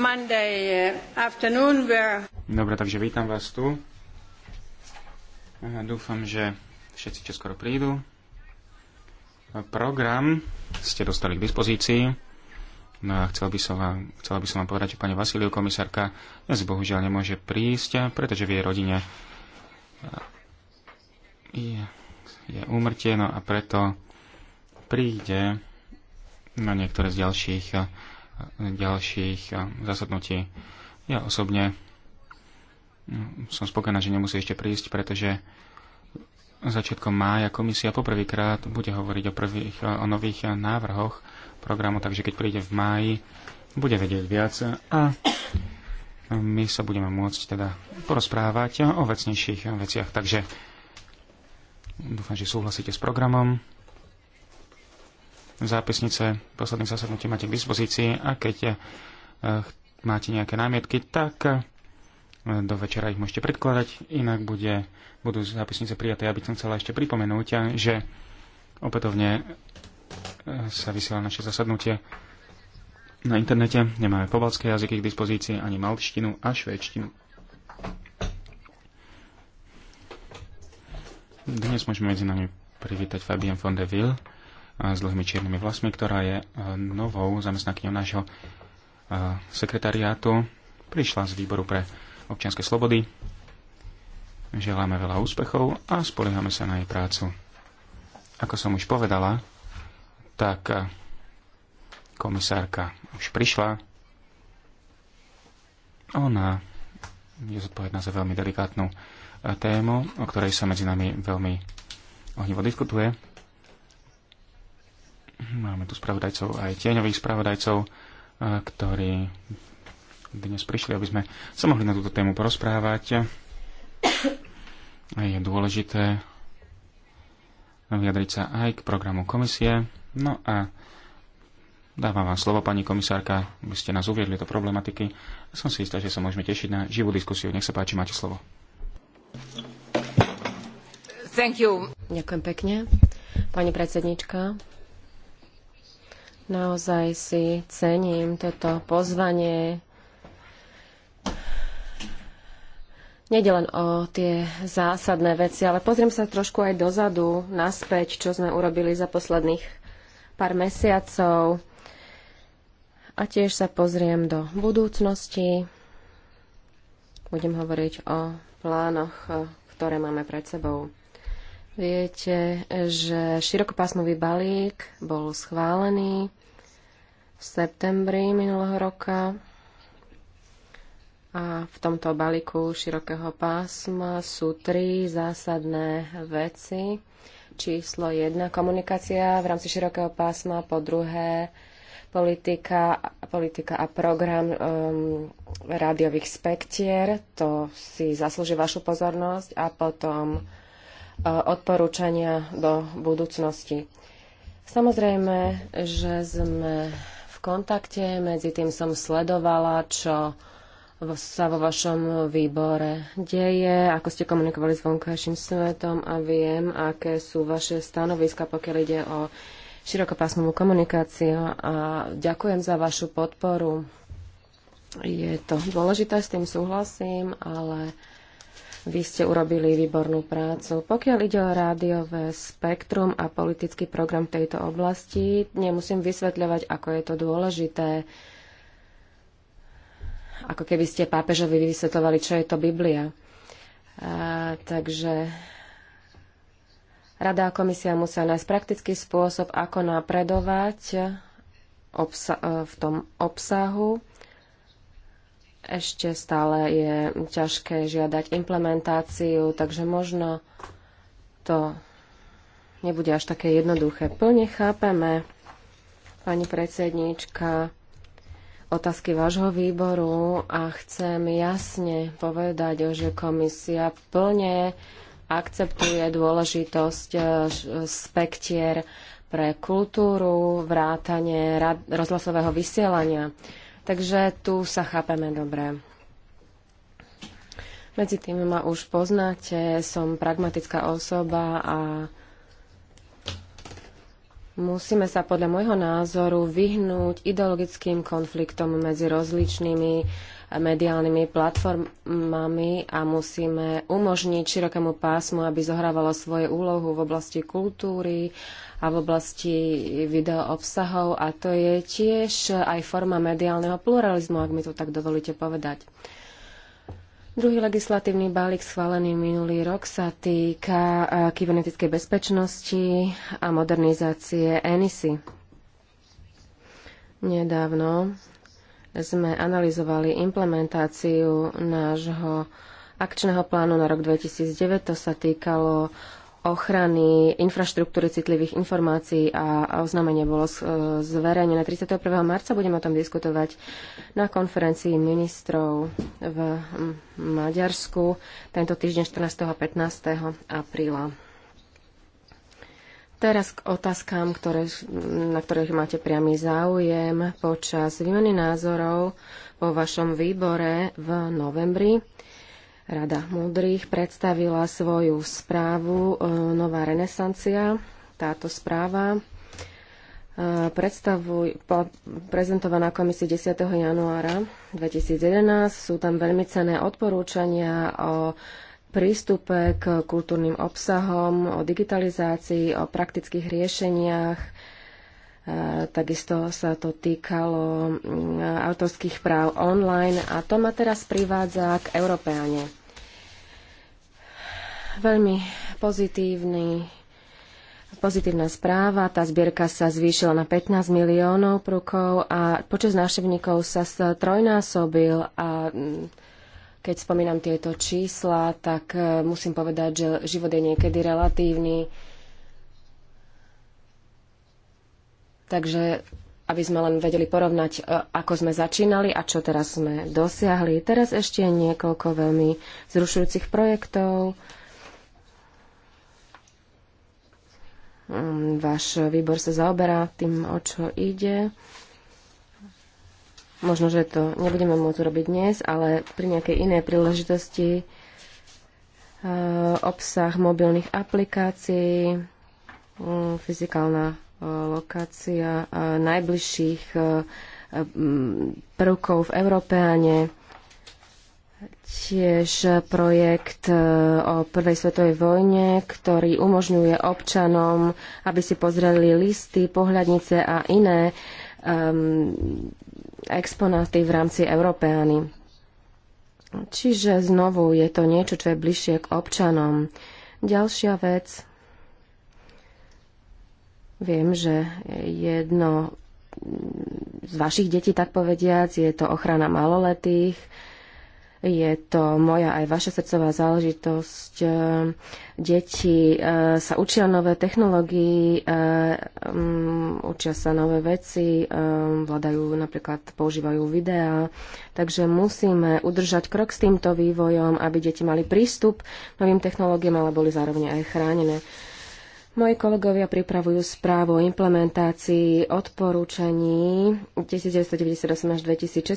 Eh, Dobre, takže vítam vás tu. dúfam, že všetci čo skoro prídu. program ste dostali k dispozícii. No a chcel by som vám, chcela by som vám povedať, že pani Vasiliu, komisárka, dnes bohužiaľ nemôže prísť, pretože v jej rodine eh, je, je úmrtie, no a preto príde na niektoré z ďalších eh, ďalších zasadnutí. Ja osobne mm, som spokojná, že nemusí ešte prísť, pretože začiatkom mája komisia poprvýkrát bude hovoriť o, prvých, o nových návrhoch programu, takže keď príde v máji, bude vedieť viac a my sa budeme môcť teda porozprávať o vecnejších veciach. Takže dúfam, že súhlasíte s programom zápisnice posledným zasadnutí máte k dispozícii a keď eh, máte nejaké námietky, tak eh, do večera ich môžete predkladať, inak bude, budú zápisnice prijaté. Ja by som chcela ešte pripomenúť, eh, že opätovne sa vysiela naše zasadnutie na internete. Nemáme pobalské jazyky k dispozícii, ani malštinu a švédštinu. Dnes môžeme medzi nami privítať Fabien von de Ville, s dlhými čiernymi vlasmi, ktorá je e, novou zamestnankyňou nášho e, sekretariátu. Prišla z výboru pre občianske slobody. Želáme veľa úspechov a spoliehame sa na jej prácu. Ako som už povedala, tak e, komisárka už prišla. Ona je zodpovedná za veľmi delikátnu tému, o ktorej sa medzi nami veľmi ohnivo diskutuje. Máme tu spravodajcov aj tieňových spravodajcov, e, ktorí dnes prišli, aby sme sa mohli na túto tému porozprávať. A je dôležité vyjadriť sa aj k programu komisie. No a dávam vám slovo, pani komisárka, by ste nás uviedli do problematiky. Som si istá, že sa môžeme tešiť na živú diskusiu. Nech sa páči, máte slovo. Thank you. Ďakujem pekne. Pani predsednička, Naozaj si cením toto pozvanie. Nede len o tie zásadné veci, ale pozriem sa trošku aj dozadu, naspäť, čo sme urobili za posledných pár mesiacov. A tiež sa pozriem do budúcnosti. Budem hovoriť o plánoch, ktoré máme pred sebou. Viete, že širokopásmový balík bol schválený v septembri minulého roka a v tomto balíku širokého pásma sú tri zásadné veci. Číslo jedna komunikácia v rámci širokého pásma, po druhé politika, politika a program um, rádiových spektier, to si zaslúži vašu pozornosť a potom uh, odporúčania do budúcnosti. Samozrejme, že sme kontakte, medzi tým som sledovala, čo sa vo vašom výbore deje, ako ste komunikovali s vonkajším svetom a viem, aké sú vaše stanoviska, pokiaľ ide o širokopásmovú komunikáciu a ďakujem za vašu podporu. Je to dôležité, s tým súhlasím, ale vy ste urobili výbornú prácu. Pokiaľ ide o rádiové spektrum a politický program v tejto oblasti, nemusím vysvetľovať, ako je to dôležité. Ako keby ste pápežovi vysvetľovali, čo je to Biblia. A, takže Rada a komisia musia nájsť praktický spôsob, ako napredovať v tom obsahu ešte stále je ťažké žiadať implementáciu, takže možno to nebude až také jednoduché. Plne chápeme, pani predsedníčka, otázky vášho výboru a chcem jasne povedať, že komisia plne akceptuje dôležitosť eh, spektier pre kultúru, vrátanie rozhlasového vysielania. Takže tu sa chápeme dobre. Medzi tým ma už poznáte, som pragmatická osoba a musíme sa podľa môjho názoru vyhnúť ideologickým konfliktom medzi rozličnými mediálnymi platformami a musíme umožniť širokému pásmu, aby zohrávalo svoju úlohu v oblasti kultúry a v oblasti videoobsahov a to je tiež aj forma mediálneho pluralizmu, ak mi to tak dovolíte povedať. Druhý legislatívny balík schválený minulý rok sa týka e, kybernetickej bezpečnosti a modernizácie ENISY. Nedávno sme analyzovali implementáciu nášho akčného plánu na rok 2009. To sa týkalo ochrany infraštruktúry citlivých informácií a oznámenie bolo zverejnené 31. marca. Budeme o tom diskutovať na konferencii ministrov v Maďarsku tento týždeň 14. a 15. apríla. Teraz k otázkám, ktoré, na ktorých máte priamy záujem. Počas výmeny názorov vo vašom výbore v novembri Rada múdrych predstavila svoju správu e, Nová renesancia. Táto správa e, predstavuj, po, prezentovaná komisii 10. januára 2011. Sú tam veľmi cené odporúčania o prístupe k kultúrnym obsahom, o digitalizácii, o praktických riešeniach. Takisto sa to týkalo mm, autorských práv online a to ma teraz privádza k Európeane. Veľmi pozitívny, pozitívna správa. Tá zbierka sa zvýšila na 15 miliónov prúkov a počet návštevníkov sa trojnásobil a mm, keď spomínam tieto čísla, tak e, musím povedať, že život je niekedy relatívny. Takže aby sme len vedeli porovnať, e, ako sme začínali a čo teraz sme dosiahli. Teraz ešte niekoľko veľmi zrušujúcich projektov. Mm, váš výbor sa zaoberá tým, o čo ide. Možno, že to nebudeme môcť urobiť dnes, ale pri nejakej inej príležitosti e, obsah mobilných aplikácií, mm, fyzikálna e, lokácia e, najbližších prvkov v Európeáne, tiež projekt o Prvej svetovej vojne, ktorý umožňuje občanom, aby si pozreli listy, pohľadnice a iné E, exponáty v rámci Európeány. Čiže znovu je to niečo, čo je bližšie k občanom. Ďalšia vec. Viem, že jedno z vašich detí, tak povediac, je to ochrana maloletých je to moja aj vaša srdcová záležitosť. Ehm, deti eh, sa učia nové technológii, eh, mm, učia sa nové veci, ehm, vládajú napríklad, používajú videá, takže musíme udržať krok s týmto vývojom, aby deti mali prístup k novým technológiám, ale boli zároveň aj chránené. Moji kolegovia pripravujú správu o implementácii odporúčaní 1998 až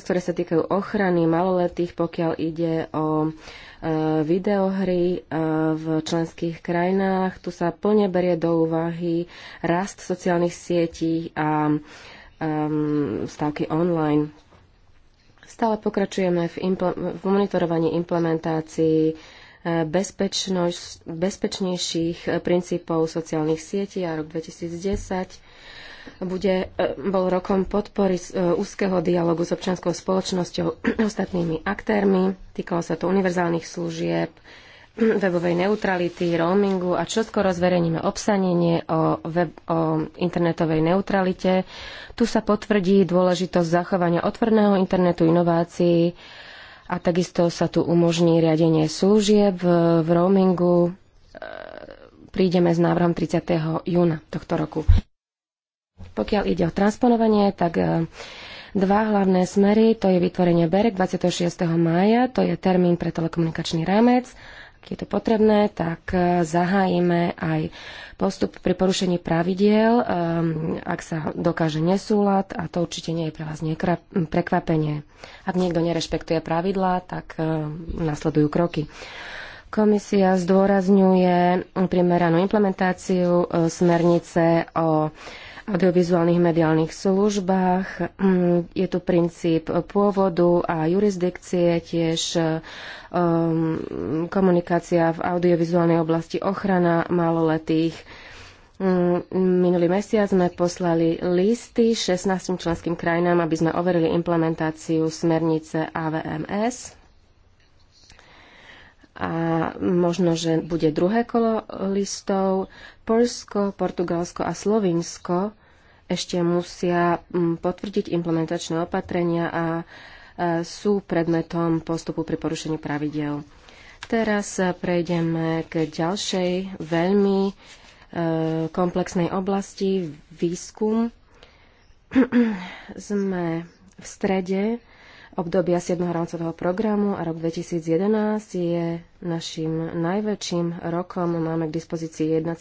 2006, ktoré sa týkajú ochrany maloletých, pokiaľ ide o e, videohry e, v členských krajinách. Tu sa plne berie do úvahy rast sociálnych sietí a stavky online. Stále pokračujeme v, impl- v monitorovaní implementácií bezpečnejších princípov sociálnych sietí a rok 2010 bude, e, bol rokom podpory e, úzkeho dialogu s občianskou spoločnosťou ostatnými aktérmi. Týkalo sa to univerzálnych služieb, webovej neutrality, roamingu a čoskoro zverejníme obsanenie o, web, o internetovej neutralite. Tu sa potvrdí dôležitosť zachovania otvorného internetu, inovácií a takisto sa tu umožní riadenie služieb v roamingu. E, prídeme s návrhom 30. júna tohto roku. Pokiaľ ide o transponovanie, tak e, dva hlavné smery, to je vytvorenie BEREK 26. mája, to je termín pre telekomunikačný rámec ak je to potrebné, tak e, zahájime aj postup pri porušení pravidiel, e, ak sa dokáže nesúlad a to určite nie je pre vás prekvapenie. Ak niekto nerešpektuje pravidlá, tak e, nasledujú kroky. Komisia zdôrazňuje primeranú implementáciu smernice o audiovizuálnych mediálnych službách. Mm, je tu princíp pôvodu a jurisdikcie, tiež um, komunikácia v audiovizuálnej oblasti, ochrana maloletých. Mm, minulý mesiac sme poslali listy 16 členským krajinám, aby sme overili implementáciu smernice AVMS a možno, že bude druhé kolo listov. Polsko, Portugalsko a Slovinsko ešte musia mm, potvrdiť implementačné opatrenia a sú predmetom postupu pri porušení pravidel. Teraz e, prejdeme k ďalšej veľmi e, komplexnej oblasti výskum. Sme v strede obdobia 7. rámcového programu a rok 2011 je našim najväčším rokom. Máme k dispozícii 1,2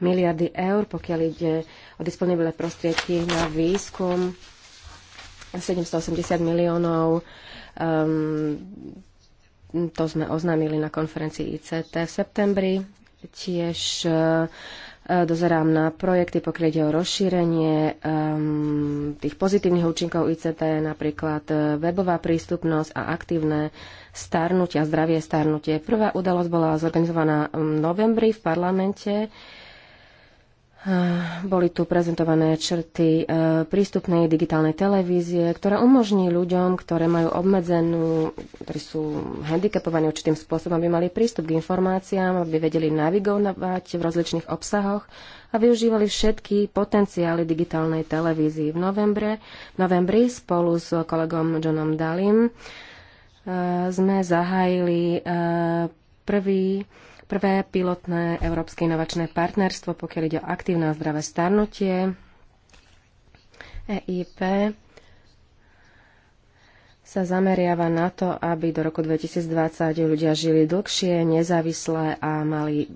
miliardy eur, pokiaľ ide o disponibilné prostriedky na výskum 780 miliónov. Um, to sme oznámili na konferencii ICT v septembri. Tiež uh, E, dozerám na projekty, pokiaľ ide o rozšírenie um, tých pozitívnych účinkov ICT, napríklad e, webová prístupnosť a aktívne starnutie a zdravie starnutie. Prvá udalosť bola zorganizovaná v novembri v parlamente. Ah, boli tu prezentované črty eh, prístupnej digitálnej televízie, ktorá umožní ľuďom, ktoré majú obmedzenú, ktorí sú handicapovaní určitým spôsobom, aby mali prístup k informáciám, aby vedeli navigovať v rozličných obsahoch a využívali všetky potenciály digitálnej televízii. V novembre, novembri spolu s kolegom Johnom Dalim eh, sme zahájili eh, prvý Prvé pilotné Európske inovačné partnerstvo, pokiaľ ide o aktívne a zdravé starnutie, EIP, sa zameriava na to, aby do roku 2020 ľudia žili dlhšie, nezávisle a mali,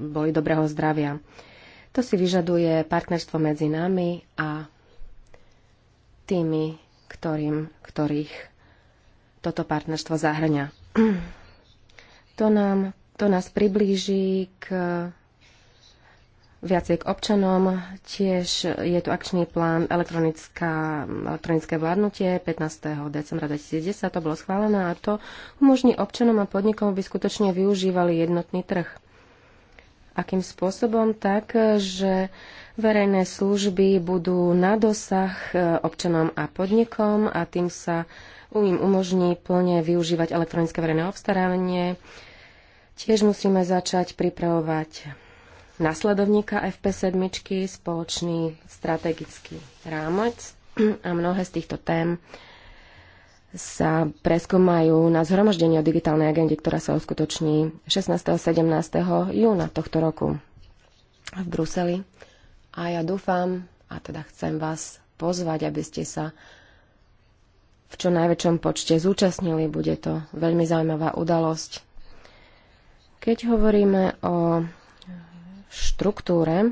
boli dobrého zdravia. To si vyžaduje partnerstvo medzi nami a tými, ktorým, ktorých toto partnerstvo zahrňa. To nám to nás priblíži k viacej k občanom. Tiež je tu akčný plán elektronické vládnutie 15. decembra 2010. To bolo schválené a to umožní občanom a podnikom, aby skutočne využívali jednotný trh. Akým spôsobom? Tak, že verejné služby budú na dosah e, občanom a podnikom a tým sa im umožní plne využívať elektronické verejné obstarávanie, Tiež musíme začať pripravovať nasledovníka FP7, spoločný strategický rámec a mnohé z týchto tém sa preskúmajú na zhromaždení o digitálnej agende, ktorá sa uskutoční 16. a 17. júna tohto roku v Bruseli. A ja dúfam, a teda chcem vás pozvať, aby ste sa v čo najväčšom počte zúčastnili. Bude to veľmi zaujímavá udalosť, keď hovoríme o štruktúre,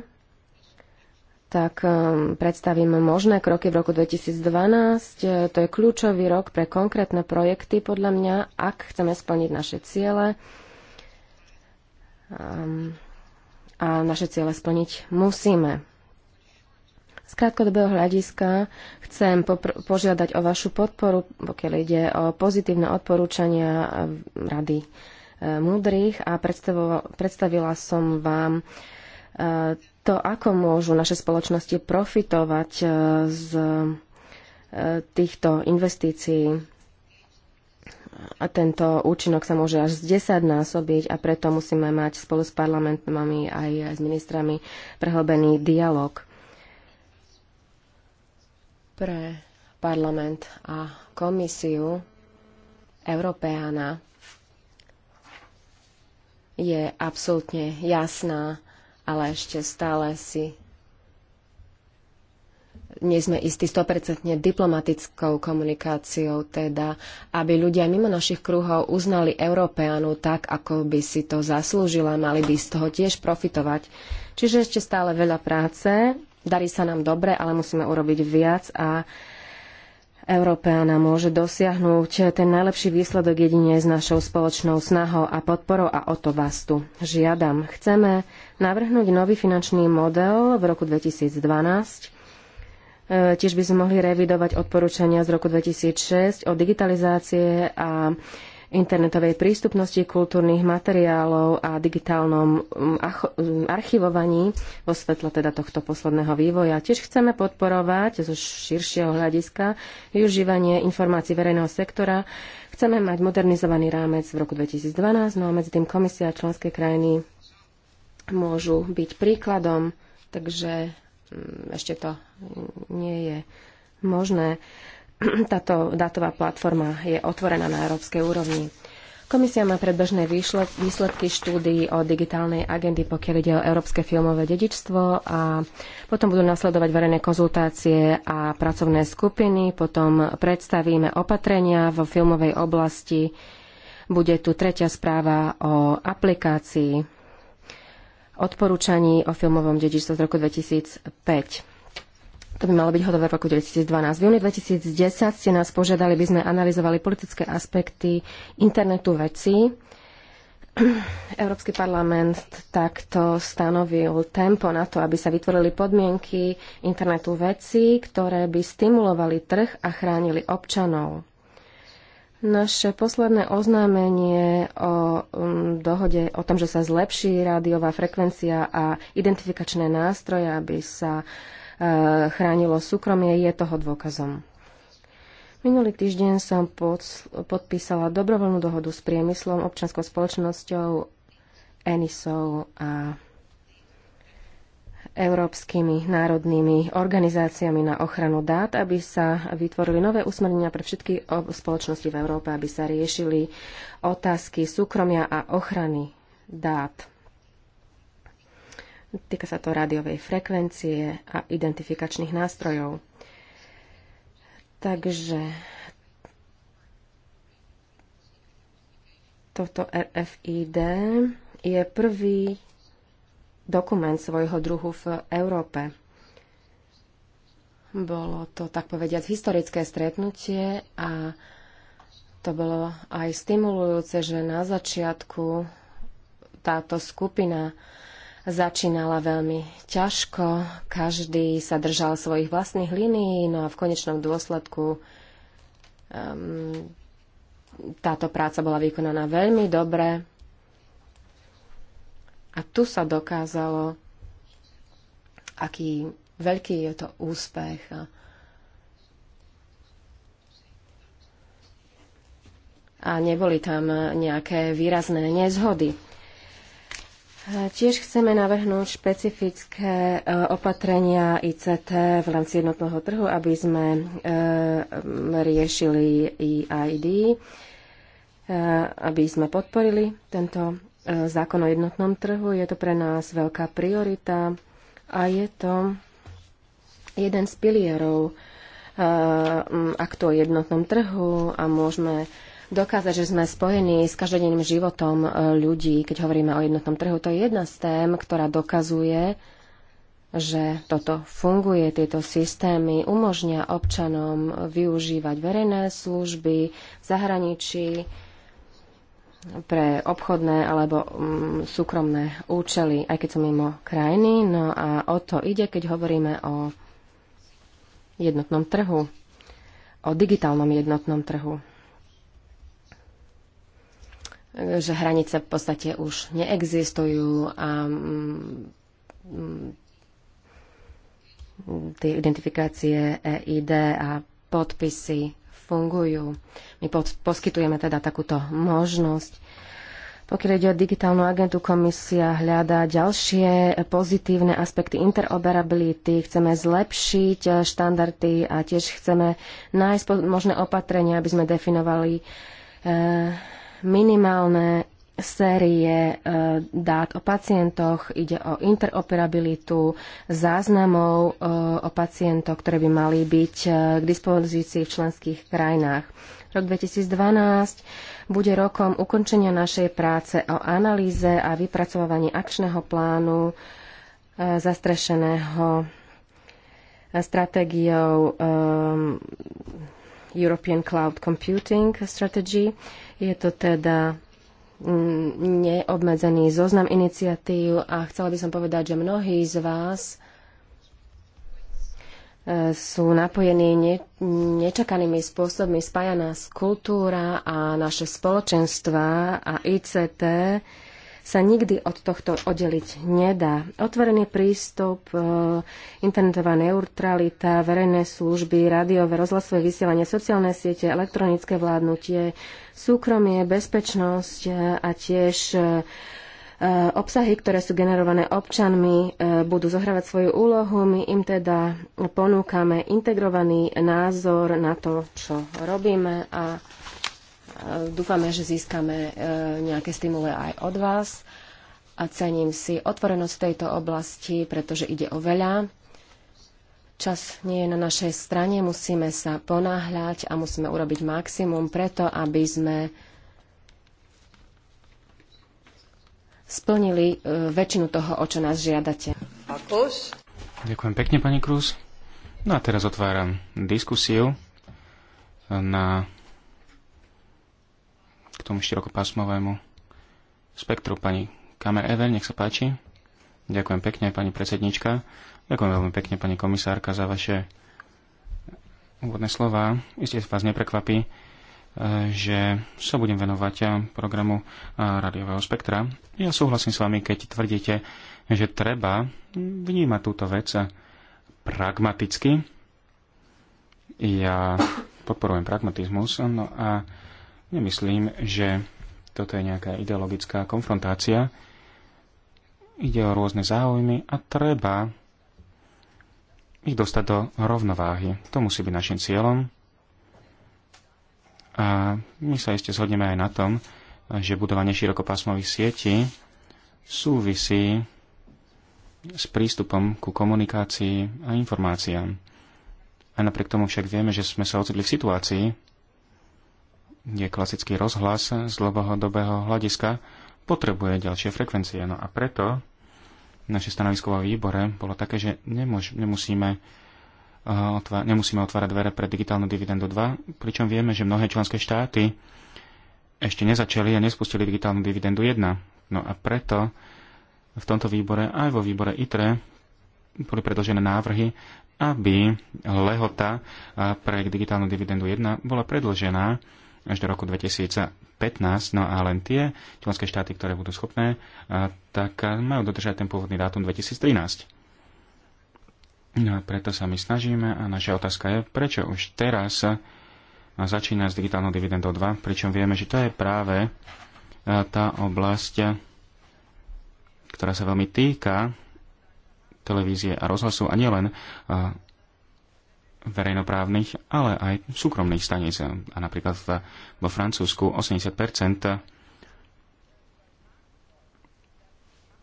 tak um, predstavíme možné kroky v roku 2012. E, to je kľúčový rok pre konkrétne projekty, podľa mňa, ak chceme splniť naše ciele. Um, a naše ciele splniť musíme. Z krátkodobého hľadiska chcem požiadať o vašu podporu, pokiaľ ide o pozitívne odporúčania e, Rady múdrych a predstavila som vám e, to, ako môžu naše spoločnosti profitovať e, z e, týchto investícií. A tento účinok sa môže až z 10 násobiť a preto musíme mať spolu s parlamentami aj s ministrami prehlbený dialog pre parlament a komisiu Európeána je absolútne jasná, ale ešte stále si nie sme istí 100% diplomatickou komunikáciou, teda aby ľudia mimo našich kruhov uznali Európeanu tak, ako by si to zaslúžila, mali by z toho tiež profitovať. Čiže ešte stále veľa práce, darí sa nám dobre, ale musíme urobiť viac a Európeána môže dosiahnuť ten najlepší výsledok jedine s našou spoločnou snahou a podporou a o to vás tu žiadam. Chceme navrhnúť nový finančný model v roku 2012. E, tiež by sme mohli revidovať odporúčania z roku 2006 o digitalizácie a internetovej prístupnosti kultúrnych materiálov a digitálnom mm, mm, archivovaní vo svetle teda tohto posledného vývoja. Tiež chceme podporovať zo širšieho hľadiska využívanie informácií verejného sektora. Chceme mať modernizovaný rámec v roku 2012, no a medzi tým komisia a členské krajiny môžu byť príkladom, takže mm, ešte to nie je možné. Táto dátová platforma je otvorená na európskej úrovni. Komisia má predbežné výsledky štúdií o digitálnej agendy, pokiaľ ide o európske filmové dedičstvo a potom budú nasledovať verejné konzultácie a pracovné skupiny, potom predstavíme opatrenia vo filmovej oblasti, bude tu tretia správa o aplikácii odporúčaní o filmovom dedičstve z roku 2005. To by malo byť hotové v roku 2012. V júni 2010 ste nás požiadali, by sme analyzovali politické aspekty internetu vecí. Európsky parlament takto stanovil tempo na to, aby sa vytvorili podmienky internetu vecí, ktoré by stimulovali trh a chránili občanov. Naše posledné oznámenie o um, dohode o tom, že sa zlepší rádiová frekvencia a identifikačné nástroje, aby sa uh, Eh, chránilo súkromie, je toho dôkazom. Minulý týždeň som pod, podpísala dobrovoľnú dohodu s priemyslom, občanskou spoločnosťou, ENISou a európskymi národnými organizáciami na ochranu dát, aby sa vytvorili nové usmernenia pre všetky spoločnosti v Európe, aby sa riešili otázky súkromia a ochrany dát. Týka sa to rádiovej frekvencie a identifikačných nástrojov. Takže toto RFID je prvý dokument svojho druhu v Európe. Bolo to, tak povediať, historické stretnutie a to bolo aj stimulujúce, že na začiatku táto skupina začínala veľmi ťažko. Každý sa držal svojich vlastných línií, no a v konečnom dôsledku um, táto práca bola vykonaná veľmi dobre. A tu sa dokázalo, aký veľký je to úspech. A neboli tam nejaké výrazné nezhody. Tiež chceme navrhnúť špecifické e, opatrenia ICT v rámci jednotného trhu, aby sme e, riešili EID, e, aby sme podporili tento zákon o jednotnom trhu. Je to pre nás veľká priorita a je to jeden z pilierov aktu o jednotnom trhu a môžeme dokázať, že sme spojení s každodenným životom e, ľudí, keď hovoríme o jednotnom trhu. To je jedna z tém, ktorá dokazuje, že toto funguje, tieto systémy umožňa občanom využívať verejné služby v zahraničí, pre obchodné alebo mm, súkromné účely, aj keď sú mimo krajiny. No a o to ide, keď hovoríme o jednotnom trhu, o digitálnom jednotnom trhu že hranice v podstate už neexistujú a mm, mm, tie identifikácie EID a podpisy fungujú. My pod, poskytujeme teda takúto možnosť. Pokiaľ ide o digitálnu agentu, komisia hľadá ďalšie pozitívne aspekty interoperability. Chceme zlepšiť eh, štandardy a tiež chceme nájsť možné opatrenia, aby sme definovali eh, minimálne série e, dát o pacientoch, ide o interoperabilitu záznamov e, o pacientoch, ktoré by mali byť e, k dispozícii v členských krajinách. Rok 2012 bude rokom ukončenia našej práce o analýze a vypracovaní akčného plánu zastrešeného stratégiou European Cloud Computing Strategy. Je to teda mm, neobmedzený zoznam iniciatív a chcela by som povedať, že mnohí z vás e, sú napojení ne, nečakanými spôsobmi. Spája nás kultúra a naše spoločenstva a ICT sa nikdy od tohto oddeliť nedá. Otvorený prístup, e, internetová neutralita, verejné služby, rádiové, rozhlasové vysielanie, sociálne siete, elektronické vládnutie, súkromie, bezpečnosť e, a tiež e, obsahy, ktoré sú generované občanmi, budú zohrávať svoju úlohu. My im teda ponúkame integrovaný názor na to, čo robíme a Dúfame, že získame e, nejaké stimule aj od vás a cením si otvorenosť v tejto oblasti, pretože ide o veľa. Čas nie je na našej strane, musíme sa ponáhľať a musíme urobiť maximum preto, aby sme splnili e, väčšinu toho, o čo nás žiadate. Ďakujem pekne, pani Krus. No a teraz otváram diskusiu na tomu širokopásmovému spektru. Pani Kamer Ever, nech sa páči. Ďakujem pekne, pani predsednička. Ďakujem veľmi pekne, pani komisárka, za vaše úvodné slova. Isté vás neprekvapí, eh, že sa budem venovať eh, programu eh, radiového spektra. Ja súhlasím s vami, keď tvrdíte, že treba vnímať túto vec pragmaticky. Ja podporujem pragmatizmus, no a Nemyslím, že toto je nejaká ideologická konfrontácia. Ide o rôzne záujmy a treba ich dostať do rovnováhy. To musí byť našim cieľom. A my sa ešte zhodneme aj na tom, že budovanie širokopásmových sietí súvisí s prístupom ku komunikácii a informáciám. A napriek tomu však vieme, že sme sa ocitli v situácii, je klasický rozhlas z dlhodobého hľadiska, potrebuje ďalšie frekvencie. No a preto naše stanovisko vo výbore bolo také, že nemôž, nemusíme, uh, eh, otvá, nemusíme otvárať dvere pre digitálnu dividendu 2, pričom vieme, že mnohé členské štáty ešte nezačali a nespustili digitálnu dividendu 1. No a preto v tomto výbore aj vo výbore ITRE boli predložené návrhy, aby lehota eh, pre digitálnu dividendu 1 bola predložená až do roku 2015, no a len tie členské štáty, ktoré budú schopné, tak majú dodržať ten pôvodný dátum 2013. No a preto sa my snažíme a naša otázka je, prečo už teraz začína s digitálnou dividendou 2, pričom vieme, že to je práve tá oblasť, ktorá sa veľmi týka televízie a rozhlasu a nielen verejnoprávnych, ale aj súkromných staníc. A napríklad vo Francúzsku 80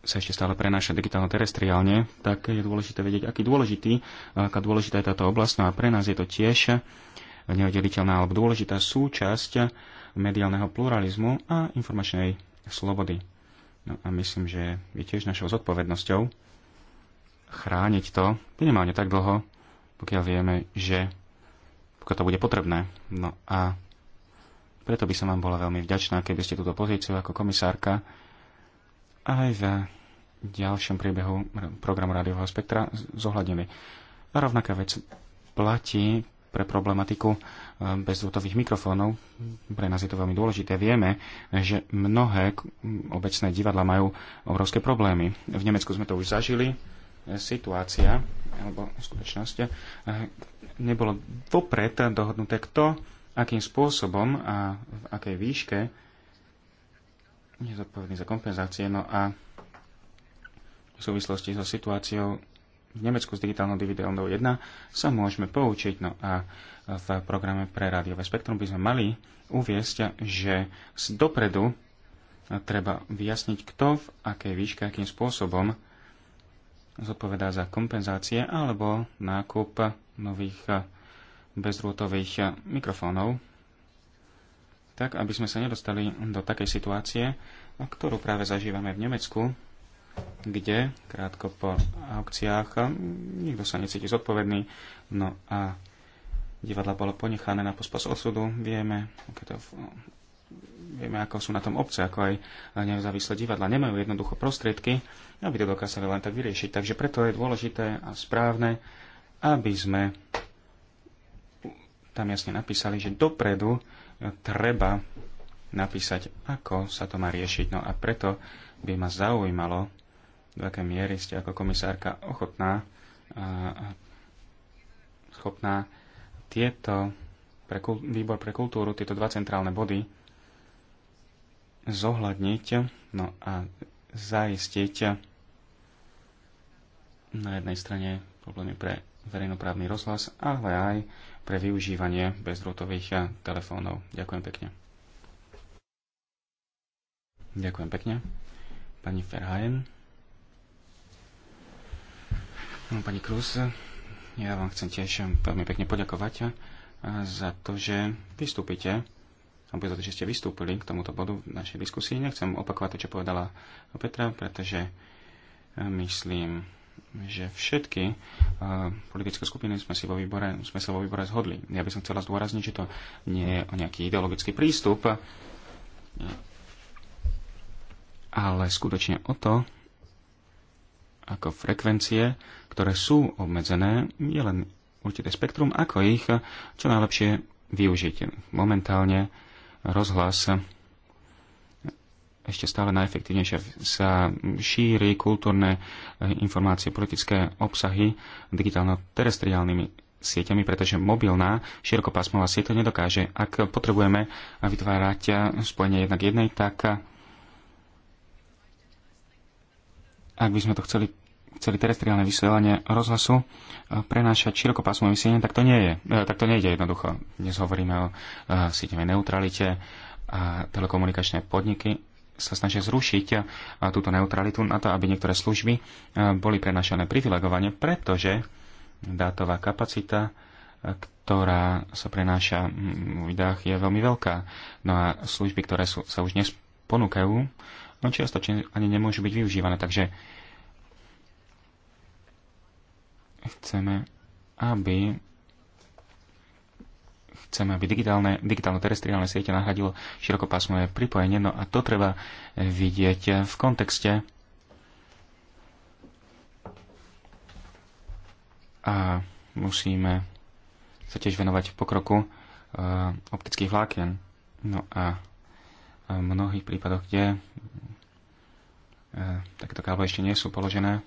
sa ešte stále prenáša digitálne terestriálne, tak je dôležité vedieť, aký dôležitý, aká dôležitá je táto oblasť. No a pre nás je to tiež neoddeliteľná alebo dôležitá súčasť mediálneho pluralizmu a informačnej slobody. No a myslím, že je tiež našou zodpovednosťou chrániť to minimálne tak dlho, pokiaľ vieme, že pokiaľ to bude potrebné. No a preto by som vám bola veľmi vďačná, keby ste túto pozíciu ako komisárka aj v ďalšom priebehu programu rádiového spektra zohľadnili. A rovnaká vec platí pre problematiku e, bezdrôtových mikrofónov. Pre nás je to veľmi dôležité. Vieme, že mnohé obecné divadla majú obrovské problémy. V Nemecku sme to už zažili situácia alebo skutočnosť eh, nebolo vopred dohodnuté, kto, akým spôsobom a v akej výške je zodpovedný za kompenzácie. No a v súvislosti so situáciou v Nemecku s digitálnou dividendou 1 sa môžeme poučiť. No a v programe pre rádiové spektrum by sme mali uviesť, že dopredu treba vyjasniť, kto v akej výške, akým spôsobom zodpovedá za kompenzácie alebo nákup nových eh, bezrútových eh, mikrofónov, tak aby sme sa nedostali do takej situácie, ktorú práve zažívame v Nemecku, kde krátko po aukciách eh, nikto sa necíti zodpovedný, no a divadla bolo ponechané na pospas osudu, vieme, keď to vieme, ako sú na tom obce, ako aj nezávislé divadla. Nemajú jednoducho prostriedky aby to dokázali len tak vyriešiť. Takže preto je dôležité a správne, aby sme tam jasne napísali, že dopredu treba napísať, ako sa to má riešiť. No a preto by ma zaujímalo, do akej miery ste ako komisárka ochotná a schopná tieto pre výbor pre kultúru, tieto dva centrálne body zohľadniť. No a zaistiť na jednej strane problémy pre verejnoprávny rozhlas, ale aj pre využívanie bezdrôtových eh, telefónov. Ďakujem pekne. Ďakujem pekne. Pani Ferhajen. No, pani Krus, ja vám chcem tiež veľmi pekne poďakovať eh, za to, že vystúpite a za to, že ste vystúpili k tomuto bodu v našej diskusii. Nechcem opakovať to, čo povedala Petra, pretože e, myslím, že všetky e, politické skupiny sme, si vo výbore, sme sa vo výbore zhodli. Ja by som chcela zdôrazniť, že to nie je o nejaký ideologický prístup, e, ale skutočne o to, ako frekvencie, ktoré sú obmedzené, je len určité spektrum, ako ich čo najlepšie využiť. Momentálne rozhlas ešte stále najefektívnejšie sa šíri kultúrne e, informácie, politické obsahy digitálno-terestriálnymi sieťami, pretože mobilná širokopásmová sieť to nedokáže. Ak potrebujeme vytvárať spojenie jednak jednej, tak ak by sme to chceli chceli terestriálne vysielanie rozhlasu e, prenášať širokopásmové vysielanie, tak to nie je. E, tak to nejde jednoducho. Dnes hovoríme o e, sieťovej neutralite a telekomunikačné podniky sa snažia zrušiť túto neutralitu na to, aby niektoré služby boli prenašané privilegovane, pretože dátová kapacita, ktorá sa prenáša v videách, je veľmi veľká. No a služby, ktoré sú, sa už dnes ponúkajú, no čiastočne ani nemôžu byť využívané. Takže chceme, aby chceme, aby digitálne, digitálne terestriálne siete nahradilo širokopásmové pripojenie. No a to treba vidieť v kontexte a musíme sa tiež venovať pokroku e, optických vlákien. No a v mnohých prípadoch, kde e, takéto káble ešte nie sú položené,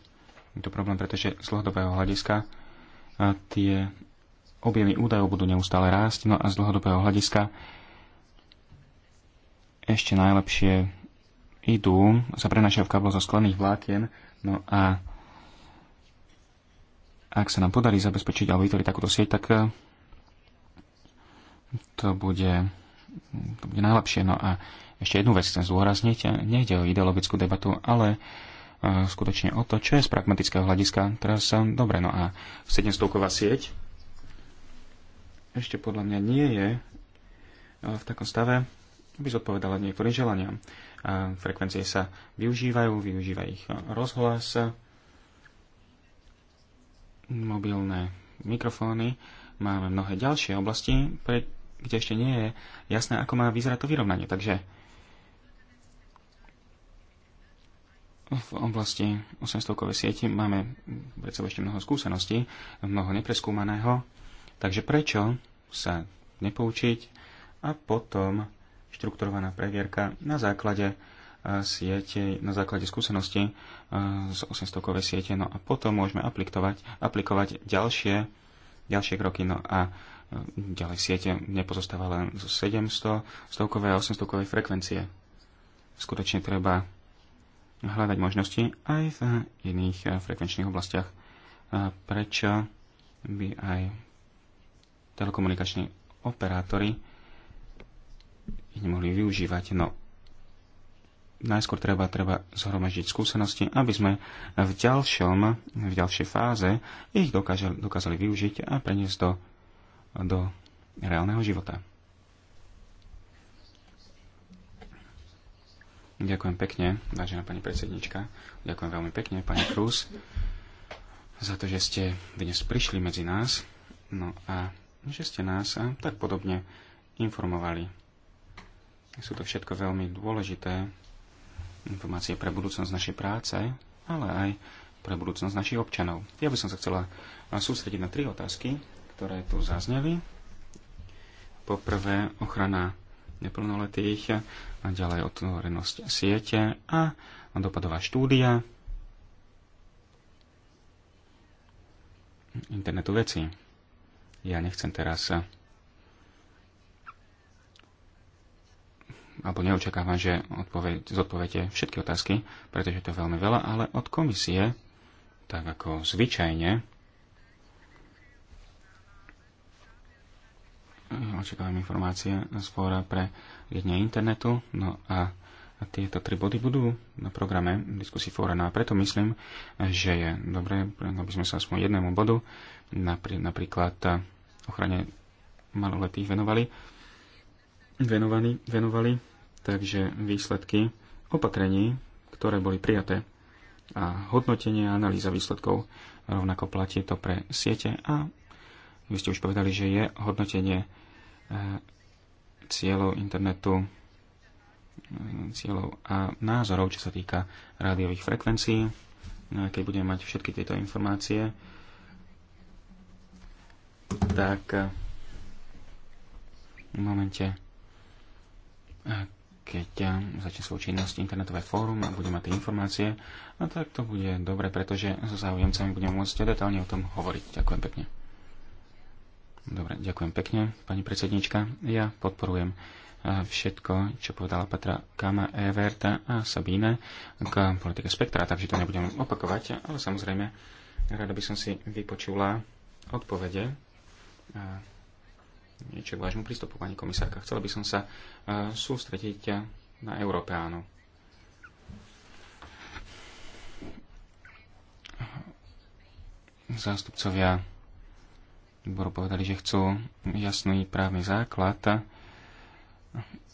je to problém, pretože z dlhodobého hľadiska e, tie objemy údajov budú neustále rásť, no a z dlhodobého hľadiska ešte najlepšie idú, sa prenašajú v kablo zo sklených vlákien, no a ak sa nám podarí zabezpečiť alebo vytvoriť takúto sieť, tak e, to bude, to bude najlepšie. No a ešte jednu vec chcem zúrazniť, Nejde o ideologickú debatu, ale skutočne o to, čo je z pragmatického hľadiska. Teraz som dobre, no a 7 sieť ešte podľa mňa nie je e, v takom stave, aby zodpovedala niektorým želaniam. Frekvencie sa využívajú, využíva ich rozhlas, mobilné mikrofóny, máme mnohé ďalšie oblasti, kde ešte nie je jasné, ako má vyzerať to vyrovnanie. Takže v oblasti 800 siete máme predsa ešte mnoho skúseností, mnoho nepreskúmaného, takže prečo sa nepoučiť a potom štrukturovaná previerka na základe e, siete, na základe skúsenosti e, z 800 siete, no a potom môžeme aplikovať, aplikovať ďalšie, ďalšie kroky, no a e, ďalej siete nepozostáva len zo 700 stovkovej a 800 frekvencie. Skutočne treba hľadať možnosti aj v iných eh, frekvenčných oblastiach. Prečo by aj telekomunikační operátori ich nemohli využívať? No, najskôr treba, treba zhromaždiť skúsenosti, aby sme v, ďalšom, v ďalšej fáze ich dokážali, dokázali využiť a preniesť do, do reálneho života. Ďakujem pekne, vážená pani predsednička. Ďakujem veľmi pekne, pani Krus, za to, že ste dnes prišli medzi nás. No a že ste nás a tak podobne informovali. Sú to všetko veľmi dôležité informácie pre budúcnosť našej práce, ale aj pre budúcnosť našich občanov. Ja by som sa chcela sústrediť na tri otázky, ktoré tu zazneli. Poprvé, ochrana neplnoletých, a ďalej otvorenosť siete a dopadová štúdia internetu veci. Ja nechcem teraz eh, alebo neočakávam, že odpoveď, zodpoviete všetky otázky, pretože to je veľmi veľa, ale od komisie, tak ako zvyčajne, očakávam informácie z fóra pre jedne internetu. No a tieto tri body budú na programe diskusí fóra. No a preto myslím, že je dobré, aby sme sa aspoň jednému bodu, napr- napríklad eh, ochrane maloletých venovali, venovali, venovali, takže výsledky opatrení, ktoré boli prijaté a hodnotenie a analýza výsledkov. Rovnako platí to pre siete a vy ste už povedali, že je hodnotenie eh, cieľov internetu, eh, cieľov a názorov, čo sa týka rádiových frekvencií. No keď budeme mať všetky tieto informácie, tak eh, v momente, keď začne svoju činnosť internetové fórum a budeme mať tie informácie, no tak to bude dobre, pretože so záujemcami budeme môcť detálne o tom hovoriť. Ďakujem pekne. Dobre, ďakujem pekne, pani predsednička. Ja podporujem eh, všetko, čo povedala Petra Kama, Everta a Sabine k politike spektra, takže to nebudem opakovať, ale samozrejme rada by som si vypočula odpovede eh, niečo k vášmu prístupu, pani komisárka. Chcela by som sa eh, sústrediť na Európeánu. Zástupcovia Boro povedali, že chcú jasný právny základ,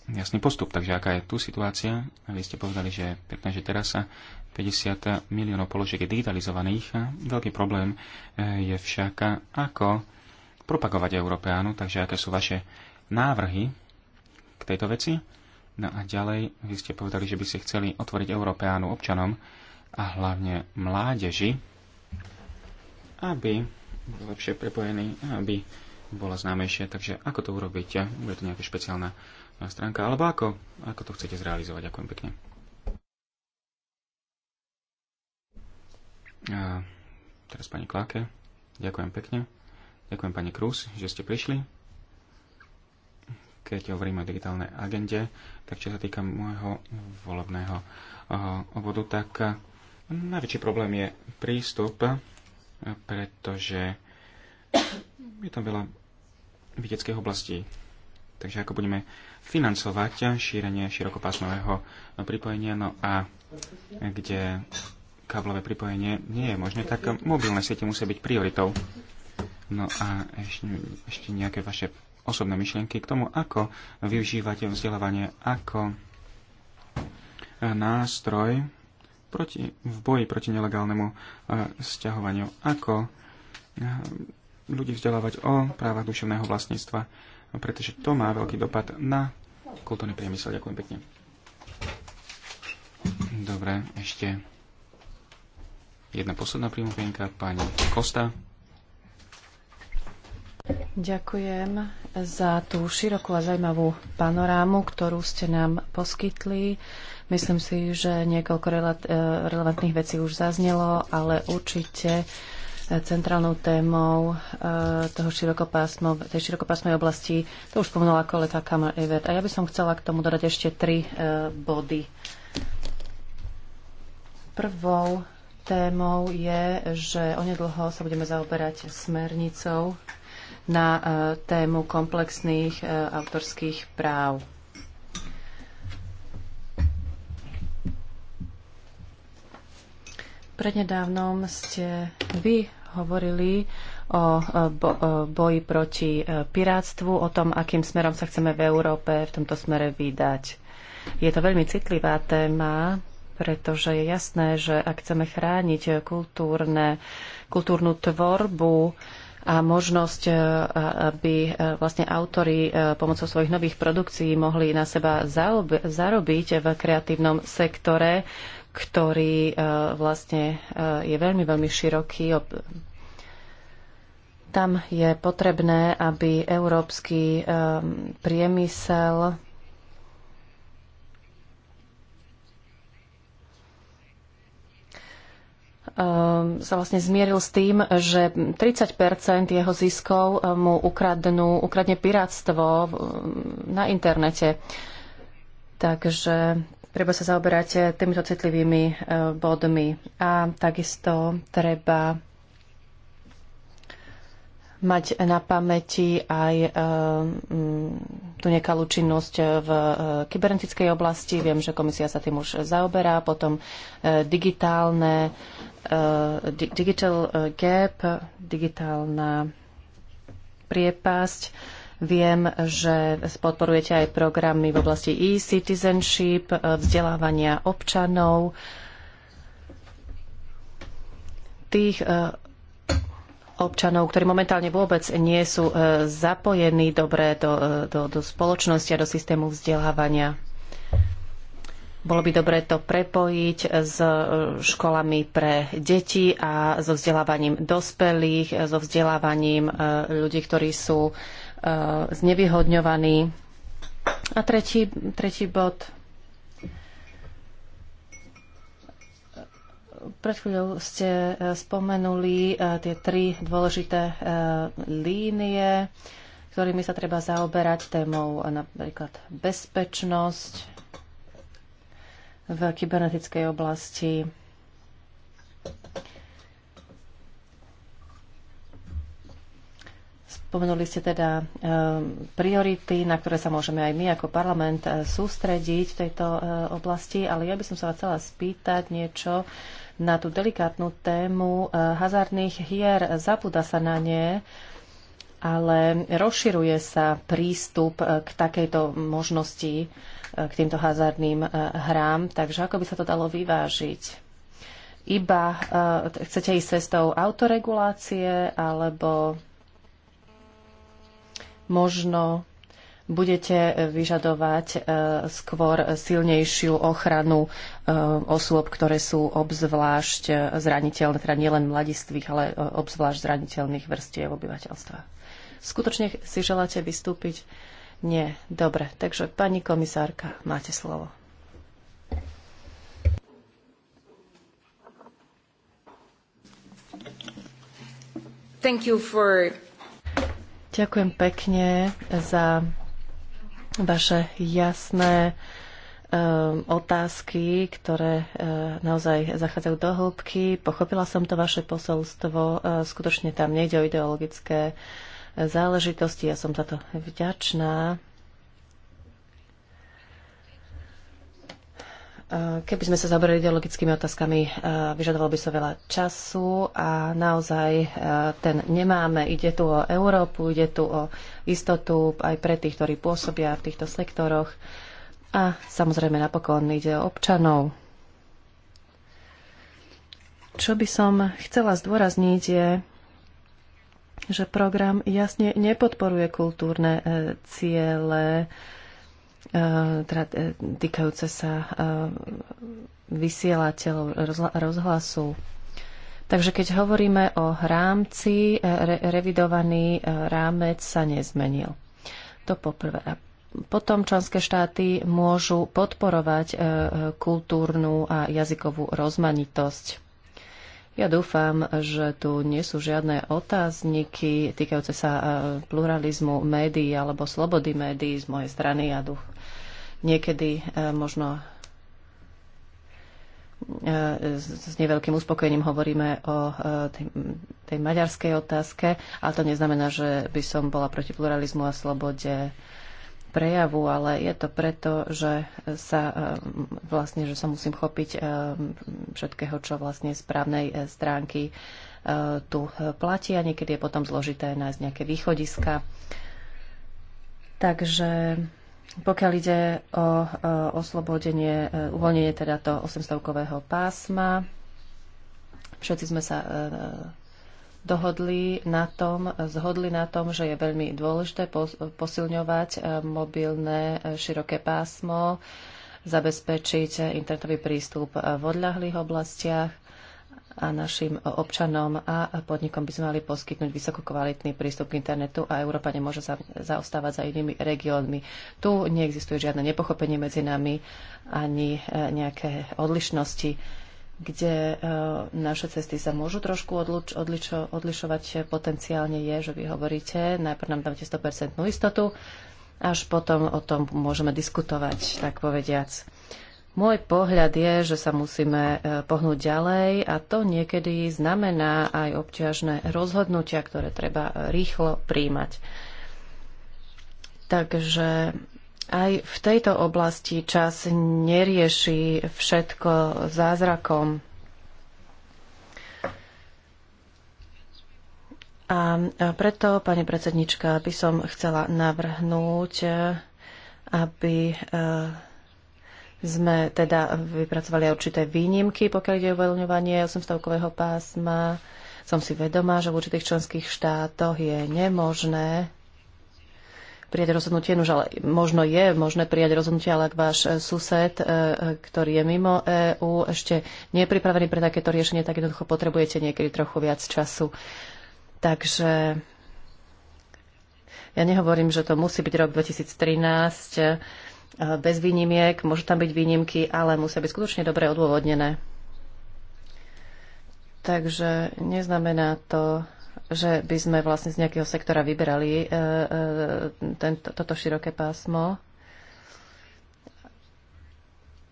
jasný postup. Takže aká je tu situácia? Vy ste povedali, že pekne, že teraz sa 50 miliónov položiek je digitalizovaných. a Veľký problém eh, je však, eh, ako propagovať Európeánu. Takže aké sú vaše návrhy k tejto veci? No a ďalej, vy ste povedali, že by ste chceli otvoriť Európeánu občanom a hlavne mládeži, aby lepšie prepojený, aby bola známejšia. Takže ako to urobiť, Bude to nejaká špeciálna eh, stránka? Alebo ako, ako to chcete zrealizovať? Ďakujem pekne. A teraz pani Kláke. Ďakujem pekne. Ďakujem pani Krus, že ste prišli. Keď hovoríme o digitálnej agende, tak čo sa týka môjho volebného eh, obvodu, tak eh, najväčší problém je prístup pretože je tam veľa videckých oblastí. Takže ako budeme financovať šírenie širokopásmového pripojenia, no a kde káblové pripojenie nie je možné, tak mobilné siete musia byť prioritou. No a ešte, ešte nejaké vaše osobné myšlienky k tomu, ako využívate vzdelávanie ako e, nástroj proti, v boji proti nelegálnemu e, sťahovaniu, ako e, ľudí vzdelávať o právach duševného vlastníctva, pretože to má veľký dopad na kultúrny priemysel. Ďakujem pekne. Dobre, ešte jedna posledná prímovienka, pani Kosta. Ďakujem za tú širokú a zaujímavú panorámu, ktorú ste nám poskytli. Myslím si, že niekoľko e, relevantných vecí už zaznelo, ale určite e, centrálnou témou e, toho širokopásmo, tej širokopásmovej oblasti. To už spomenula kolega Kamar Evert. A ja by som chcela k tomu dodať ešte tri body. Prvou témou je, že onedlho sa budeme zaoberať smernicou na e, tému komplexných e, autorských práv. Prednedávnom ste vy hovorili o e, boji proti pirátstvu, o tom, akým smerom sa chceme v Európe v tomto smere vydať. Je to veľmi citlivá téma, pretože je jasné, že ak chceme chrániť kultúrne, kultúrnu tvorbu, a možnosť, e, aby e, vlastne autory e, pomocou svojich nových produkcií mohli na seba zarobiť v kreatívnom sektore, ktorý vlastne je veľmi, veľmi široký. Tam je potrebné, aby európsky priemysel Um, sa vlastne zmieril s tým, že 30 jeho ziskov um, mu ukradnú, ukradne piráctvo um, na internete. Takže treba sa zaoberať eh, týmito citlivými eh, bodmi. A takisto treba mať na pamäti aj eh, mm, tú nekalú činnosť v eh, kybernetickej oblasti. Viem, že komisia sa tým už zaoberá. Potom eh, digitálne, digital gap, digitálna priepasť. Viem, že podporujete aj programy v oblasti e-citizenship, vzdelávania občanov, tých občanov, ktorí momentálne vôbec nie sú e, zapojení dobre do, e, do, do spoločnosti a do systému vzdelávania. Bolo by dobre to prepojiť s e, školami pre deti a so vzdelávaním dospelých, so vzdelávaním ľudí, ktorí sú znevýhodňovaní. A tretí, tretí bod Pred chvíľou ste e, spomenuli e, tie tri dôležité e, línie, ktorými sa treba zaoberať témou napríklad bezpečnosť v kybernetickej oblasti. Spomenuli ste teda priority, na ktoré sa môžeme aj my ako parlament sústrediť v tejto oblasti, ale ja by som sa vás chcela spýtať niečo, na tú delikátnu tému eh, hazardných hier. Zabúda sa na ne, ale rozširuje sa prístup eh, k takejto možnosti, eh, k týmto hazardným hrám. Takže ako by sa to dalo vyvážiť? Iba chcete ísť cestou autoregulácie alebo možno budete e, vyžadovať e, skôr silnejšiu ochranu e, osôb, ktoré sú obzvlášť zraniteľné, teda nielen mladistvých, ale obzvlášť zraniteľných vrstiev obyvateľstva. Skutočne si želáte vystúpiť? Nie. Dobre. Takže, pani komisárka, máte slovo. Thank you for... Ďakujem pekne za vaše jasné ehm, otázky, ktoré eh, naozaj zachádzajú do hĺbky. Pochopila som to vaše posolstvo. Eh, skutočne tam nejde o ideologické eh, záležitosti. Ja som za to vďačná. Keby sme sa zabrali ideologickými otázkami, eh, vyžadovalo by sa veľa času a naozaj eh, ten nemáme. Ide tu o Európu, ide tu o istotu aj pre tých, ktorí pôsobia v týchto sektoroch. A samozrejme napokon ide o občanov. Čo by som chcela zdôrazniť je, že program jasne nepodporuje kultúrne eh, ciele, Eh, teda eh, týkajúce sa eh, vysielateľov rozhlasu. Takže keď hovoríme o rámci, re, revidovaný rámec sa nezmenil. To poprvé. A potom členské štáty môžu podporovať kultúrnu a jazykovú rozmanitosť. Ja dúfam, že tu nie sú žiadne otázniky týkajúce sa pluralizmu médií alebo slobody médií z mojej strany. Ja niekedy e, možno e, s neveľkým uspokojením hovoríme o e, tej, tej maďarskej otázke, ale to neznamená, že by som bola proti pluralizmu a slobode prejavu, ale je to preto, že sa vlastne, že sa musím chopiť všetkého, čo vlastne z právnej stránky tu platí a niekedy je potom zložité nájsť nejaké východiska. Takže pokiaľ ide o oslobodenie, e, uvoľnenie teda to 800-kového pásma, všetci sme sa e, e, dohodli na tom, zhodli na tom, že je veľmi dôležité posilňovať mobilné široké pásmo, zabezpečiť internetový prístup v odľahlých oblastiach a našim občanom a podnikom by sme mali poskytnúť vysokokvalitný prístup k internetu a Európa nemôže za, zaostávať za inými regiónmi. Tu neexistuje žiadne nepochopenie medzi nami ani e, nejaké odlišnosti, kde e, naše cesty sa môžu trošku odluč, odličo, odlišovať potenciálne je, že vy hovoríte, najprv nám dáte 100% istotu, až potom o tom môžeme diskutovať, tak povediac. Môj pohľad je, že sa musíme e, pohnúť ďalej a to niekedy znamená aj obťažné rozhodnutia, ktoré treba e, rýchlo príjmať. Takže aj v tejto oblasti čas nerieši všetko zázrakom. A preto, pani predsednička, by som chcela navrhnúť, aby e, sme teda vypracovali určité výnimky, pokiaľ ide o uvoľňovanie 800-kového pásma. Som si vedomá, že v určitých členských štátoch je nemožné prijať rozhodnutie, nuž, no ale možno je možné prijať rozhodnutie, ale ak váš sused, e, ktorý je mimo EÚ, ešte nie je pripravený pre takéto riešenie, tak jednoducho potrebujete niekedy trochu viac času. Takže ja nehovorím, že to musí byť rok 2013, Eh, bez výnimiek, môžu tam byť výnimky, ale musia byť skutočne dobre odôvodnené. Takže neznamená to, že by sme vlastne z nejakého sektora vyberali e, e, tento, toto široké pásmo.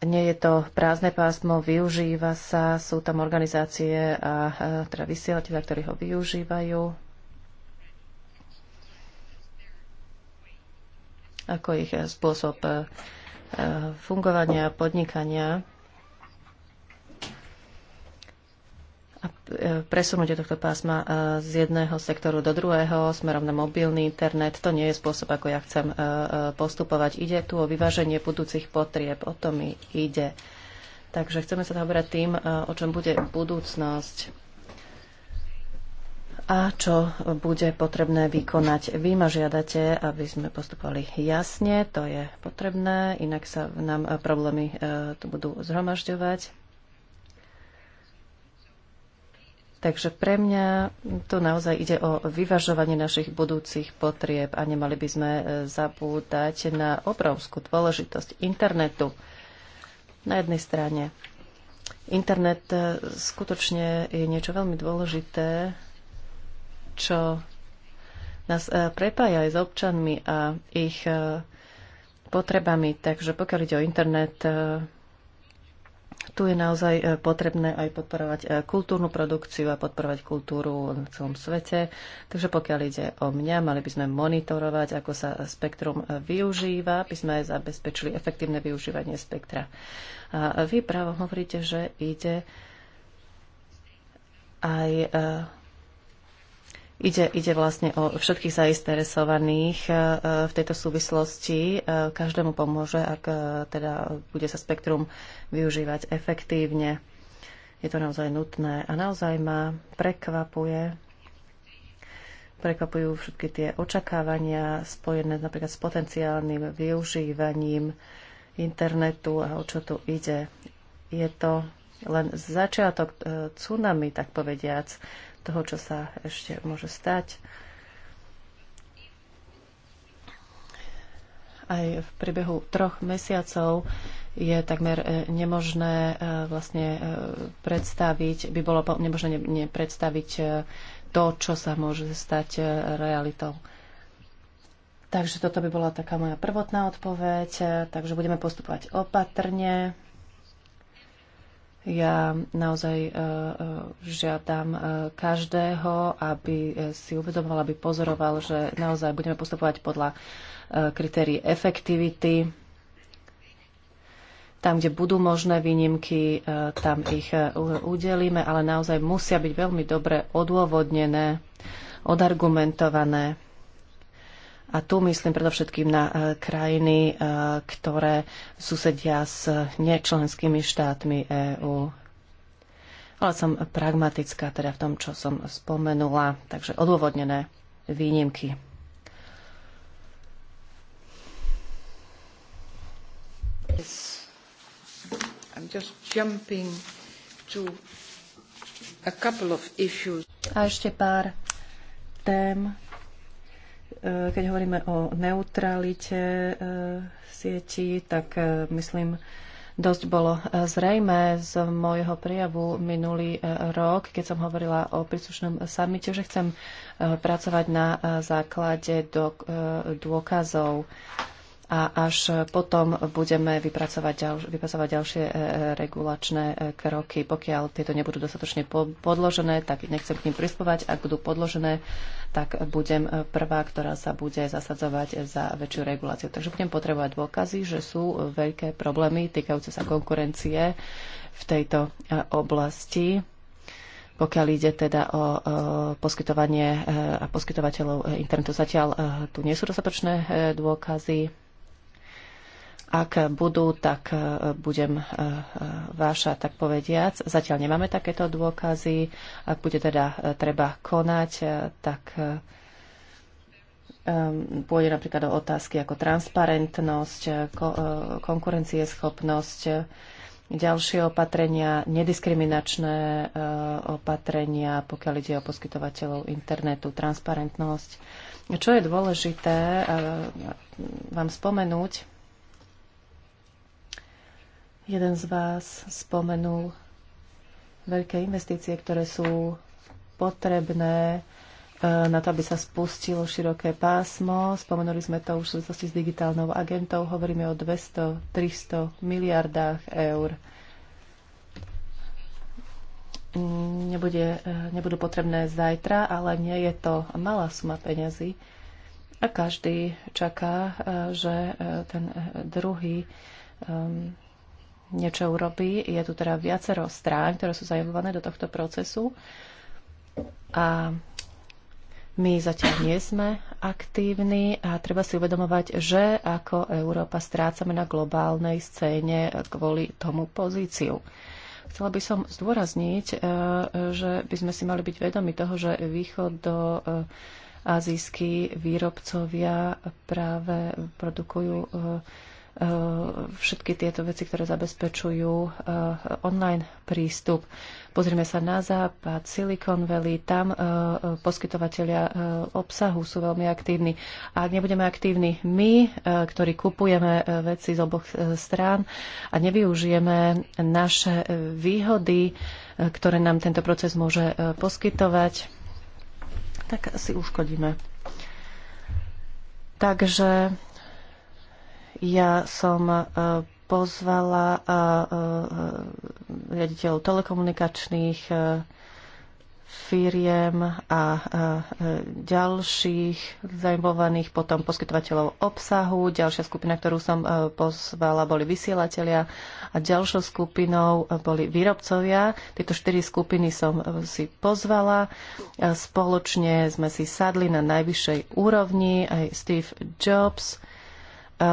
Nie je to prázdne pásmo, využíva sa, sú tam organizácie a e, teda vysielateľa, ktorí ho využívajú. ako ich eh, spôsob eh, eh, fungovania, podnikania a presunutie tohto pásma z jedného sektoru do druhého smerom na mobilný internet. To nie je spôsob, ako ja chcem postupovať. Ide tu o vyváženie budúcich potrieb. O to mi ide. Takže chceme sa zaoberať tým, o čom bude budúcnosť a čo bude potrebné vykonať. Vy ma žiadate, aby sme postupovali jasne, to je potrebné, inak sa nám problémy e, tu budú zhromažďovať. Takže pre mňa tu naozaj ide o vyvažovanie našich budúcich potrieb a nemali by sme e, zapútať na obrovskú dôležitosť internetu. Na jednej strane. Internet e, skutočne je niečo veľmi dôležité, čo nás e, prepája aj s občanmi a ich e, potrebami. Takže pokiaľ ide o internet, e, tu je naozaj potrebné aj podporovať kultúrnu produkciu a podporovať kultúru na celom svete. Takže pokiaľ ide o mňa, mali by sme monitorovať, ako sa spektrum využíva, aby sme aj zabezpečili efektívne využívanie spektra. A vy právo hovoríte, že ide aj Ide, ide vlastne o všetkých zainteresovaných e, v tejto súvislosti. E, každému pomôže, ak e, teda bude sa spektrum využívať efektívne. Je to naozaj nutné a naozaj ma prekvapuje, prekvapujú všetky tie očakávania spojené napríklad s potenciálnym využívaním internetu a o čo tu ide. Je to len začiatok tsunami, tak povediac, toho, čo sa ešte môže stať. Aj v priebehu troch mesiacov je takmer e, nemožné e, vlastne e, predstaviť, by bolo nemožné nepredstaviť to, čo sa môže stať realitou. Takže toto by bola taká moja prvotná odpoveď, takže budeme postupovať opatrne. Ja naozaj e, e, žiadam e, každého, aby si uvedomoval, aby pozoroval, že naozaj budeme postupovať podľa kritérií efektivity. Tam, kde budú možné výnimky, tam ich udelíme, ale naozaj musia byť veľmi dobre odôvodnené, odargumentované a tu myslím predovšetkým na e, krajiny, e, ktoré susedia s nečlenskými štátmi EÚ. Ale som pragmatická teda v tom, čo som spomenula, takže odôvodnené výnimky. Yes. I'm just jumping to a couple of issues. A ešte pár tém, Eh, keď hovoríme o neutralite eh, sieti, tak eh, myslím, dosť bolo zrejme z môjho prejavu minulý rok, keď som hovorila o príslušnom samite, že chcem pracovať na základe dôkazov. Do a až potom budeme vypracovať, ďalš- vypracovať ďalšie e, e, regulačné e, kroky. Pokiaľ tieto nebudú dostatočne podložené, tak nechcem k ním prispovať. Ak budú podložené, tak budem prvá, ktorá sa bude zasadzovať za väčšiu reguláciu. Takže budem potrebovať dôkazy, že sú veľké problémy týkajúce sa konkurencie v tejto oblasti pokiaľ ide teda o poskytovanie a poskytovateľov internetu. Zatiaľ tu nie sú dostatočné dôkazy. Ak budú, tak e, budem e, e, váša, tak povediac. Zatiaľ nemáme takéto dôkazy. Ak bude teda treba konať, tak pôjde napríklad o otázky ako transparentnosť, konkurencieschopnosť, ďalšie opatrenia, nediskriminačné opatrenia, pokiaľ ide o poskytovateľov internetu, transparentnosť. Čo je dôležité vám spomenúť, Jeden z vás spomenul veľké investície, ktoré sú potrebné e, na to, aby sa spustilo široké pásmo. Spomenuli sme to už v súvislosti s digitálnou agentou. Hovoríme o 200-300 miliardách eur. Nebude, e, nebudú potrebné zajtra, ale nie je to malá suma peňazí. A každý čaká, e, že ten druhý niečo urobí. Je tu teda viacero strán, ktoré sú zajavované do tohto procesu. A my zatiaľ nie sme aktívni a treba si uvedomovať, že ako Európa strácame na globálnej scéne kvôli tomu pozíciu. Chcela by som zdôrazniť, e, že by sme si mali byť vedomi toho, že východ do e, azijskí výrobcovia práve produkujú e, Eh, všetky tieto veci, ktoré zabezpečujú eh, online prístup. Pozrieme sa na západ, Silicon Valley, tam eh, poskytovateľia obsahu sú veľmi aktívni. A ak nebudeme aktívni my, ktorí kupujeme veci z oboch strán a nevyužijeme naše výhody, ktoré nám tento proces môže poskytovať, tak si uškodíme. Takže ja som e, pozvala e, e, riaditeľov telekomunikačných firiem a ďalších zaujímavých potom poskytovateľov obsahu. Ďalšia skupina, ktorú som pozvala, boli vysielatelia a ďalšou skupinou boli výrobcovia. Tieto štyri skupiny som si pozvala. Spoločne sme si sadli na najvyššej úrovni aj Steve Jobs E,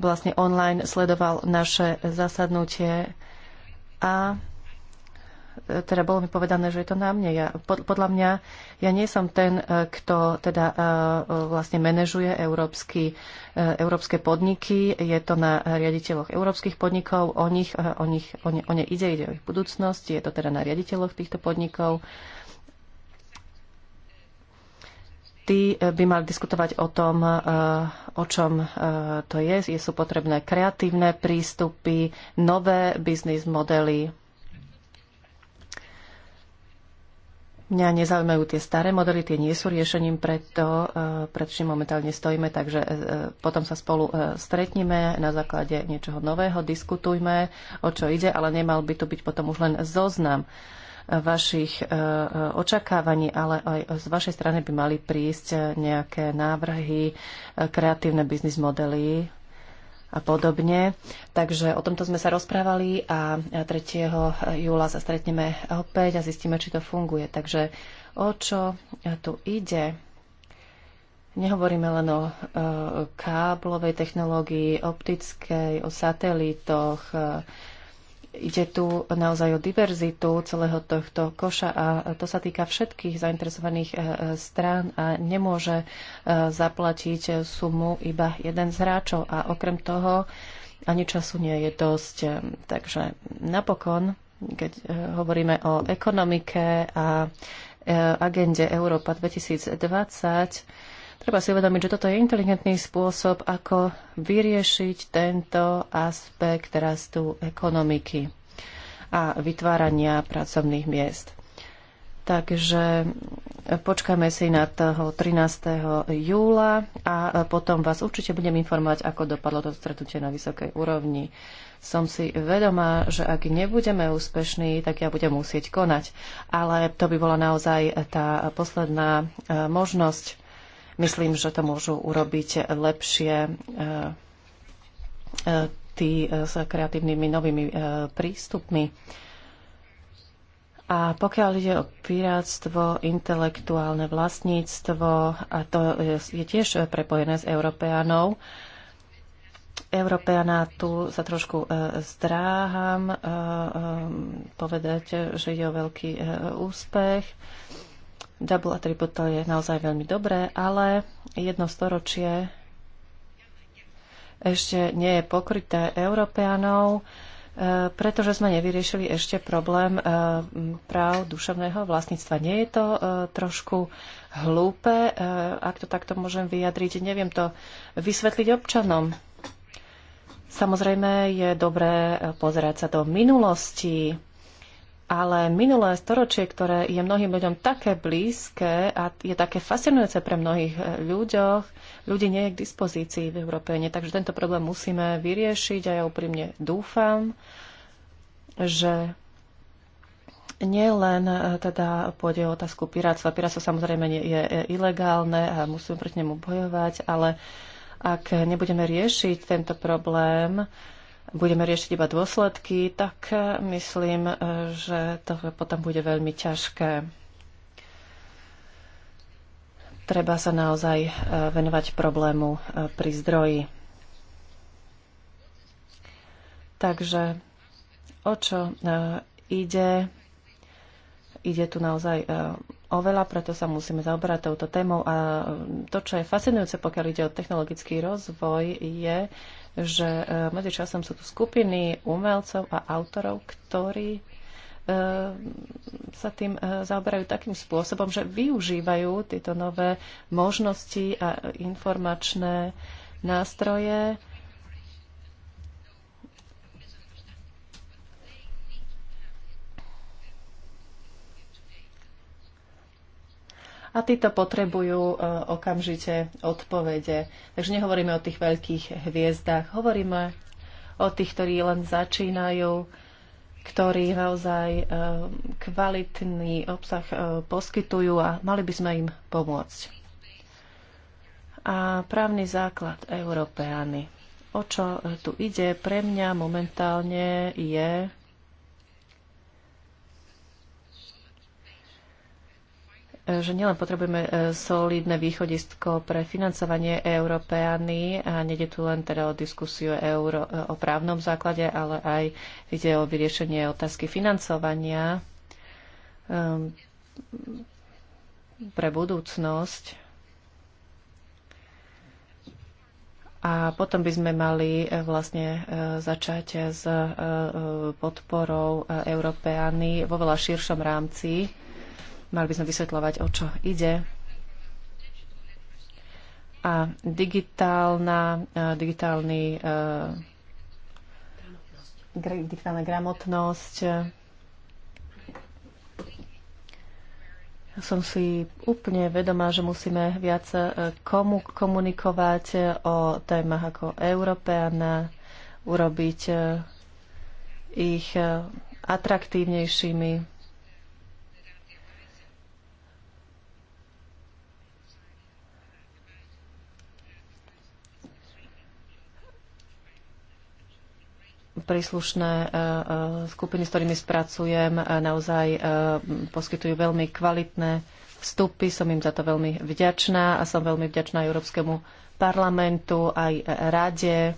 vlastne online sledoval naše zasadnutie a e, teda bolo mi povedané, že je to na mne. Ja, pod, podľa mňa ja nie som ten, e, kto teda vlastne manažuje európsky, európske podniky. Je to na riaditeľoch európskych podnikov. O nich, o nich o ne, o ne ide, ide o ich budúcnosť. Je to teda na riaditeľoch týchto podnikov tí eh, by mali diskutovať o tom, eh, o čom eh, to je. Je Sú potrebné kreatívne prístupy, nové biznis modely. Mňa nezaujímajú tie staré modely, tie nie sú riešením preto, pred čím momentálne stojíme, takže potom sa spolu stretneme na základe niečoho nového, diskutujme, o čo ide, ale nemal by tu byť potom už len zoznam vašich e, e, očakávaní, ale aj z vašej strany by mali prísť e, nejaké návrhy, kreatívne biznis modely a podobne. Takže o tomto sme sa rozprávali a 3. júla sa stretneme opäť a zistíme, či to funguje. Takže o čo tu ide? Nehovoríme len o e, káblovej technológii, optickej, o satelitoch, e, Ide tu naozaj o diverzitu celého tohto koša a to sa týka všetkých zainteresovaných eh, strán a nemôže eh, zaplatiť sumu iba jeden z hráčov a okrem toho ani času nie je dosť. Takže napokon, keď eh, hovoríme o ekonomike a agende Európa 2020, Treba si uvedomiť, že toto je inteligentný spôsob, ako vyriešiť tento aspekt rastu ekonomiky a vytvárania pracovných miest. Takže počkáme si na toho 13. júla a potom vás určite budem informovať, ako dopadlo to stretnutie na vysokej úrovni. Som si vedomá, že ak nebudeme úspešní, tak ja budem musieť konať. Ale to by bola naozaj tá posledná e, možnosť. Myslím, že to môžu urobiť lepšie e, e, tí e, s kreatívnymi novými prístupmi. A pokiaľ ide o piráctvo, intelektuálne vlastníctvo, a to je tiež prepojené s Európeanou. Európeana tu sa trošku zdráham povedať, že je o veľký úspech. Double attribute to je naozaj veľmi dobré, ale jedno storočie ešte nie je pokryté Európeanov, e, pretože sme nevyriešili ešte problém e, práv duševného vlastníctva. Nie je to e, trošku hlúpe, ak to takto môžem vyjadriť, neviem to vysvetliť občanom. Samozrejme je dobré pozerať sa do minulosti, ale minulé storočie, ktoré je mnohým ľuďom také blízke a je také fascinujúce pre mnohých eh, ľuďoch, ľudí nie je k dispozícii v Európe. Nie. Takže tento problém musíme vyriešiť a ja úprimne dúfam, že nielen eh, teda pôjde o otázku pirátstva. Pirátstvo samozrejme je, je eh, ilegálne a musíme proti nemu bojovať, ale ak nebudeme riešiť tento problém, budeme riešiť iba dôsledky, tak e, myslím, e, že to potom bude veľmi ťažké. Treba sa naozaj e, venovať problému pri zdroji. Takže o čo ide? Ide tu naozaj oveľa, preto sa musíme zaoberať touto témou. A to, čo je fascinujúce, pokiaľ ide o technologický rozvoj, je, že e, medzi časom sú tu skupiny umelcov a autorov, ktorí e, sa tým e, zaoberajú takým spôsobom, že využívajú tieto nové možnosti a informačné nástroje a títo potrebujú e, okamžite odpovede. Takže nehovoríme o tých veľkých hviezdách, hovoríme o tých, ktorí len začínajú, ktorí naozaj e, kvalitný obsah e, poskytujú a mali by sme im pomôcť. A právny základ Európeány. O čo tu ide pre mňa momentálne je že nielen potrebujeme e, solidné východisko pre financovanie Európeany a nede tu len teda o diskusiu euro, e, o právnom základe, ale aj ide o vyriešenie otázky financovania um, pre budúcnosť. A potom by sme mali vlastne začať s podporou Európeany vo veľa širšom rámci Mali by sme vysvetľovať, o čo ide. A digitálna, e, digitálny, e, digitálna gramotnosť. Som si úplne vedomá, že musíme viac e, komu- komunikovať o témach ako Európeana, urobiť ich atraktívnejšími príslušné e, e, skupiny, s ktorými spracujem, e, naozaj poskytujú veľmi kvalitné vstupy. Som im za to veľmi vďačná a som veľmi vďačná Európskemu parlamentu, aj rade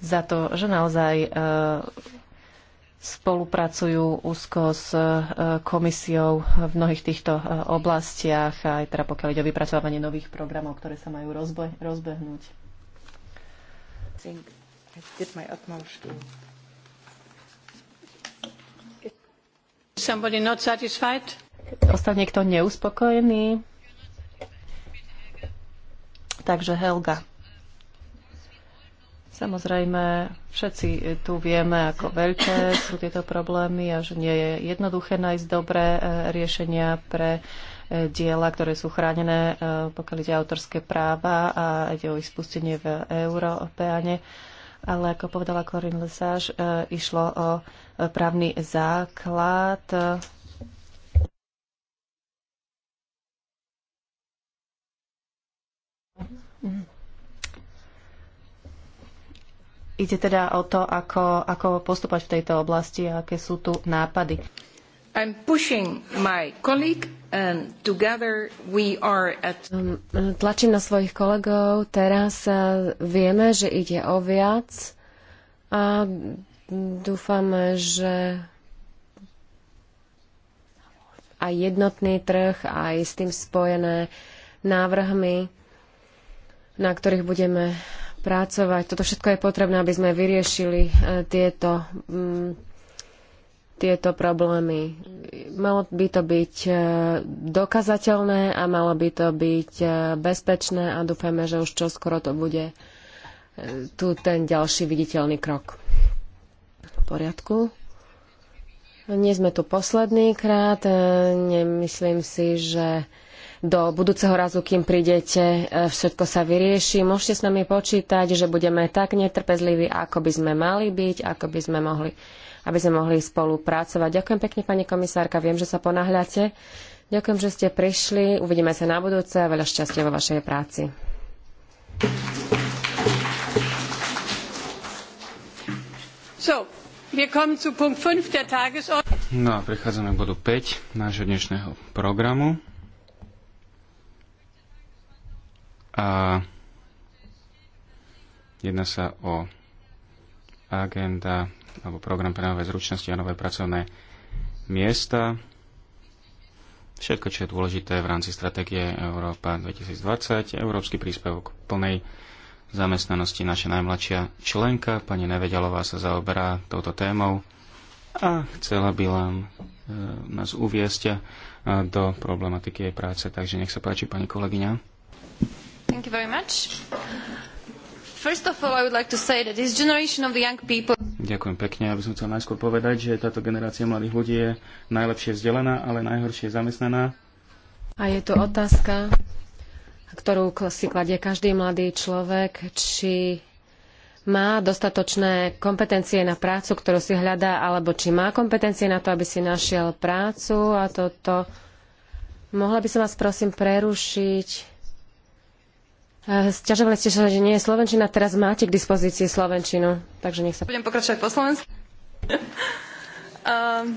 za to, že naozaj spolupracujú úzko s komisiou v mnohých týchto oblastiach, aj teda pokiaľ ide o vypracovanie nových programov, ktoré sa majú rozbe- rozbehnúť. I did my utmost somebody not satisfied? Ostal niekto neuspokojený? Takže Helga. Samozrejme, všetci tu vieme, ako veľké sú tieto problémy a že nie je jednoduché nájsť dobré e, riešenia pre e, diela, ktoré sú chránené, e, pokiaľ ide autorské práva a ide o ich spustenie v Európeáne ale ako povedala Corinne e, išlo o e, právny základ. Ide teda o to, ako, ako postupovať v tejto oblasti a aké sú tu nápady. I'm pushing my colleague and together we are at... Tlačím na svojich kolegov. Teraz e, vieme, že ide o viac a dúfame, že aj jednotný trh, aj s tým spojené návrhmi, na ktorých budeme pracovať. Toto všetko je potrebné, aby sme vyriešili e, tieto tieto problémy. Malo by to byť e, dokazateľné a malo by to byť e, bezpečné a dúfame, že už čoskoro to bude e, tu ten ďalší viditeľný krok. V poriadku. Nie sme tu posledný krát. Nemyslím si, že do budúceho razu, kým prídete, všetko sa vyrieši. Môžete s nami počítať, že budeme tak netrpezliví, ako by sme mali byť, ako by sme mohli aby sme mohli spolupracovať. Ďakujem pekne, pani komisárka, viem, že sa ponáhľate. Ďakujem, že ste prišli. Uvidíme sa na budúce a veľa šťastia vo vašej práci. So, No a prechádzame k bodu 5 nášho dnešného programu. A jedná sa o agenda alebo program pre nové zručnosti a nové pracovné miesta. Všetko, čo je dôležité v rámci stratégie Európa 2020, európsky príspevok plnej zamestnanosti. Naša najmladšia členka, pani Nevedalová, sa zaoberá touto témou a chcela by vám e, nás uviesť e, do problematiky jej práce. Takže nech sa páči, pani kolegyňa. Thank you very much. First of all, I would like to say that this generation of the young people Ďakujem pekne. Aby som chcel najskôr povedať, že táto generácia mladých ľudí je najlepšie vzdelaná, ale najhoršie zamestnaná. A je to otázka, ktorú si kladie každý mladý človek, či má dostatočné kompetencie na prácu, ktorú si hľadá, alebo či má kompetencie na to, aby si našiel prácu a toto. Mohla by som vás prosím prerušiť Eh, sťažovali ste sa, že nie je Slovenčina, teraz máte k dispozícii Slovenčinu. Takže nech sa... Budem pokračovať po slovensku. um... Ehm,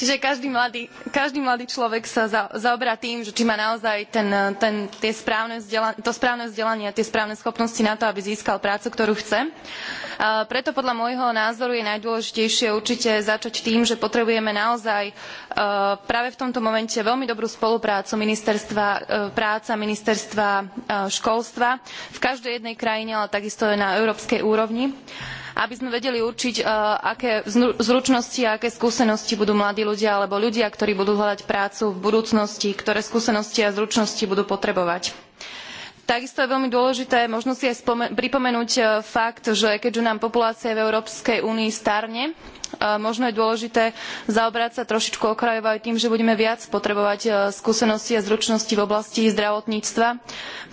Čiže každý mladý, každý mladý človek sa za, zaoberá tým, že či má naozaj ten, ten, tie správne vzdelanie, to správne vzdelanie a tie správne schopnosti na to, aby získal prácu, ktorú chce. A preto podľa môjho názoru je najdôležitejšie určite začať tým, že potrebujeme naozaj e, práve v tomto momente veľmi dobrú spoluprácu ministerstva e, práca, ministerstva e, školstva v každej jednej krajine, ale takisto aj na európskej úrovni aby sme vedeli určiť, eh, aké zručnosti a aké skúsenosti budú mladí ľudia alebo ľudia, ktorí budú hľadať prácu v budúcnosti, ktoré skúsenosti a zručnosti budú potrebovať takisto je veľmi dôležité možno si aj pripomenúť e, fakt že keďže nám populácia v európskej únii starne e, možno je dôležité zaoberať sa trošičku okrajovo aj tým, že budeme viac potrebovať e, skúsenosti a zručnosti v oblasti zdravotníctva,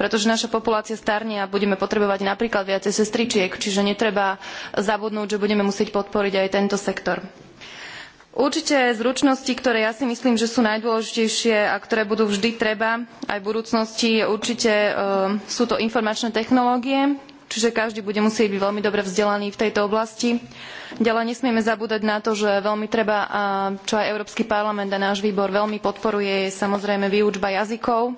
pretože naša populácia starne a budeme potrebovať napríklad viacej sestričiek, čiže netreba zabudnúť, že budeme musieť podporiť aj tento sektor. Určite zručnosti, ktoré ja si myslím, že sú najdôležitejšie a ktoré budú vždy treba aj v budúcnosti, určite eh, sú to informačné technológie, čiže každý bude musieť byť veľmi dobre vzdelaný v tejto oblasti. Ďalej nesmieme zabúdať na to, že veľmi treba, a čo aj Európsky parlament a náš výbor veľmi podporuje, je samozrejme výučba jazykov.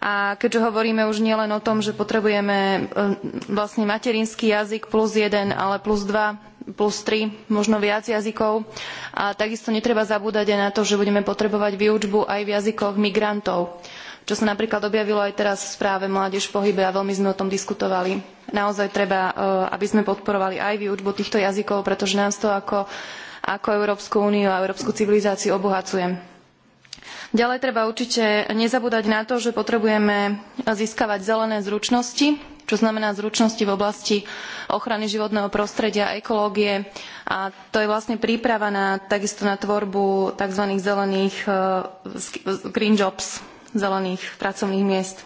A keďže hovoríme už nielen o tom, že potrebujeme eh, vlastne materinský jazyk plus jeden, ale plus dva plus tri, možno viac jazykov. A takisto netreba zabúdať aj na to, že budeme potrebovať výučbu aj v jazykoch migrantov, čo sa napríklad objavilo aj teraz v správe Mládež v pohybe a veľmi sme o tom diskutovali. Naozaj treba, e, aby sme podporovali aj výučbu týchto jazykov, pretože nás to ako, ako Európsku úniu a európsku civilizáciu obohacuje. Ďalej treba určite nezabúdať na to, že potrebujeme získavať zelené zručnosti, čo znamená zručnosti v oblasti ochrany životného prostredia a ekológie. A to je vlastne príprava na, takisto na tvorbu tzv. zelených e, green jobs, zelených pracovných miest.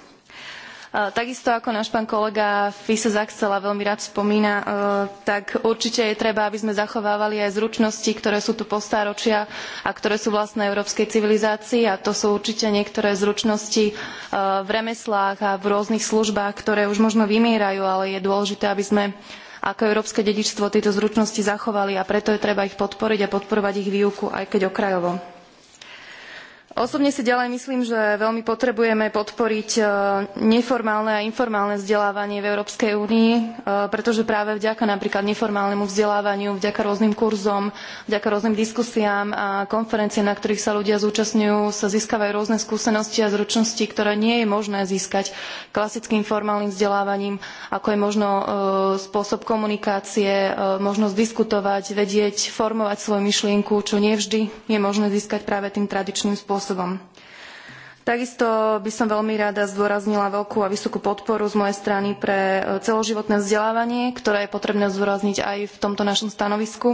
Eh, takisto ako náš pán kolega Fisa Zaxela veľmi rád spomína, eh, tak určite je treba, aby sme zachovávali aj zručnosti, ktoré sú tu postáročia a ktoré sú vlastné európskej civilizácii a to sú určite niektoré zručnosti eh, v remeslách a v rôznych službách, ktoré už možno vymierajú, ale je dôležité, aby sme ako európske dedičstvo tieto zručnosti zachovali a preto je treba ich podporiť a podporovať ich výuku, aj keď okrajovo. Osobne si ďalej myslím, že veľmi potrebujeme podporiť e, neformálne a informálne vzdelávanie v Európskej únii, e, pretože práve vďaka napríklad neformálnemu vzdelávaniu, vďaka rôznym kurzom, vďaka rôznym diskusiám a konferenciám, na ktorých sa ľudia zúčastňujú, sa získavajú rôzne skúsenosti a zručnosti, ktoré nie je možné získať klasickým formálnym vzdelávaním, ako je možno e, spôsob komunikácie, možnosť diskutovať, vedieť, formovať svoju myšlienku, čo nie vždy je možné získať práve tým tradičným spôsobom spôsobom. Takisto by som veľmi rada zdôraznila veľkú a vysokú podporu z mojej strany pre e, celoživotné vzdelávanie, ktoré je potrebné zdôrazniť aj v tomto našom stanovisku.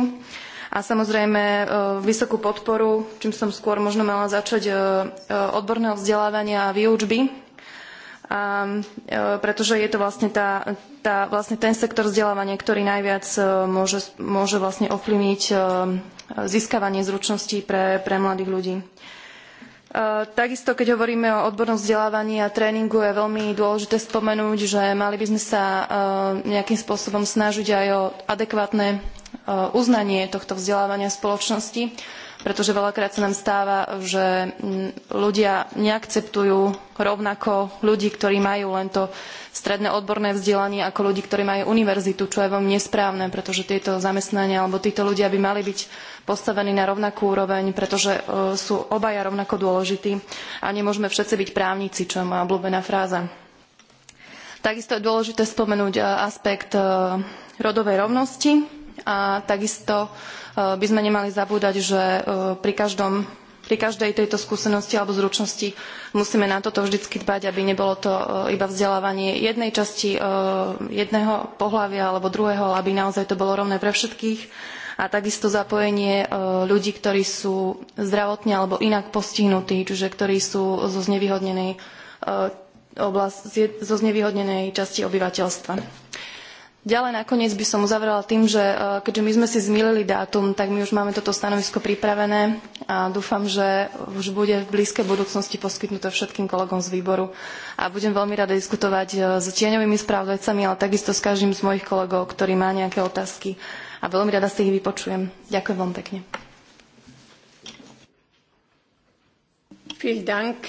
A samozrejme e, vysokú podporu, čím som skôr možno mala začať, e, odborného vzdelávania a výučby, a, pretože je to vlastne, tá, tá, vlastne ten sektor vzdelávania, ktorý najviac môže, môže vlastne ovplyvniť získavanie zručností pre, pre mladých ľudí. Takisto, keď hovoríme o odbornom vzdelávaní a tréningu, je veľmi dôležité spomenúť, že mali by sme sa e, nejakým spôsobom snažiť aj o adekvátne e, uznanie tohto vzdelávania v spoločnosti pretože veľakrát sa nám stáva, že mm, ľudia neakceptujú rovnako ľudí, ktorí majú len to stredné odborné vzdelanie ako ľudí, ktorí majú univerzitu, čo je veľmi nesprávne, pretože tieto zamestnania alebo títo ľudia by mali byť postavení na rovnakú úroveň, pretože e, sú obaja rovnako dôležití a nemôžeme všetci byť právnici, čo je moja obľúbená fráza. Takisto je dôležité spomenúť e, aspekt e, rodovej rovnosti a takisto e, by sme nemali zabúdať, že e, pri, každom, pri každej tejto skúsenosti alebo zručnosti musíme na toto vždycky dbať, aby nebolo to e, iba vzdelávanie jednej časti jedného pohlavia alebo druhého, aby naozaj to bolo rovné pre všetkých a takisto zapojenie ľudí, ktorí sú zdravotne alebo inak postihnutí, čiže ktorí sú zo znevýhodnenej, oblast, zo znevýhodnenej časti obyvateľstva. Ďalej nakoniec by som uzavrela tým, že e, keďže my sme si zmýlili dátum, tak my už máme toto stanovisko pripravené a dúfam, že už bude v blízkej budúcnosti poskytnuté všetkým kolegom z výboru. A budem veľmi rada diskutovať e, s tieňovými správdajcami, ale takisto s každým z mojich kolegov, ktorý má nejaké otázky. A veľmi rada si ich vypočujem. Ďakujem vám pekne. Vielen Dank.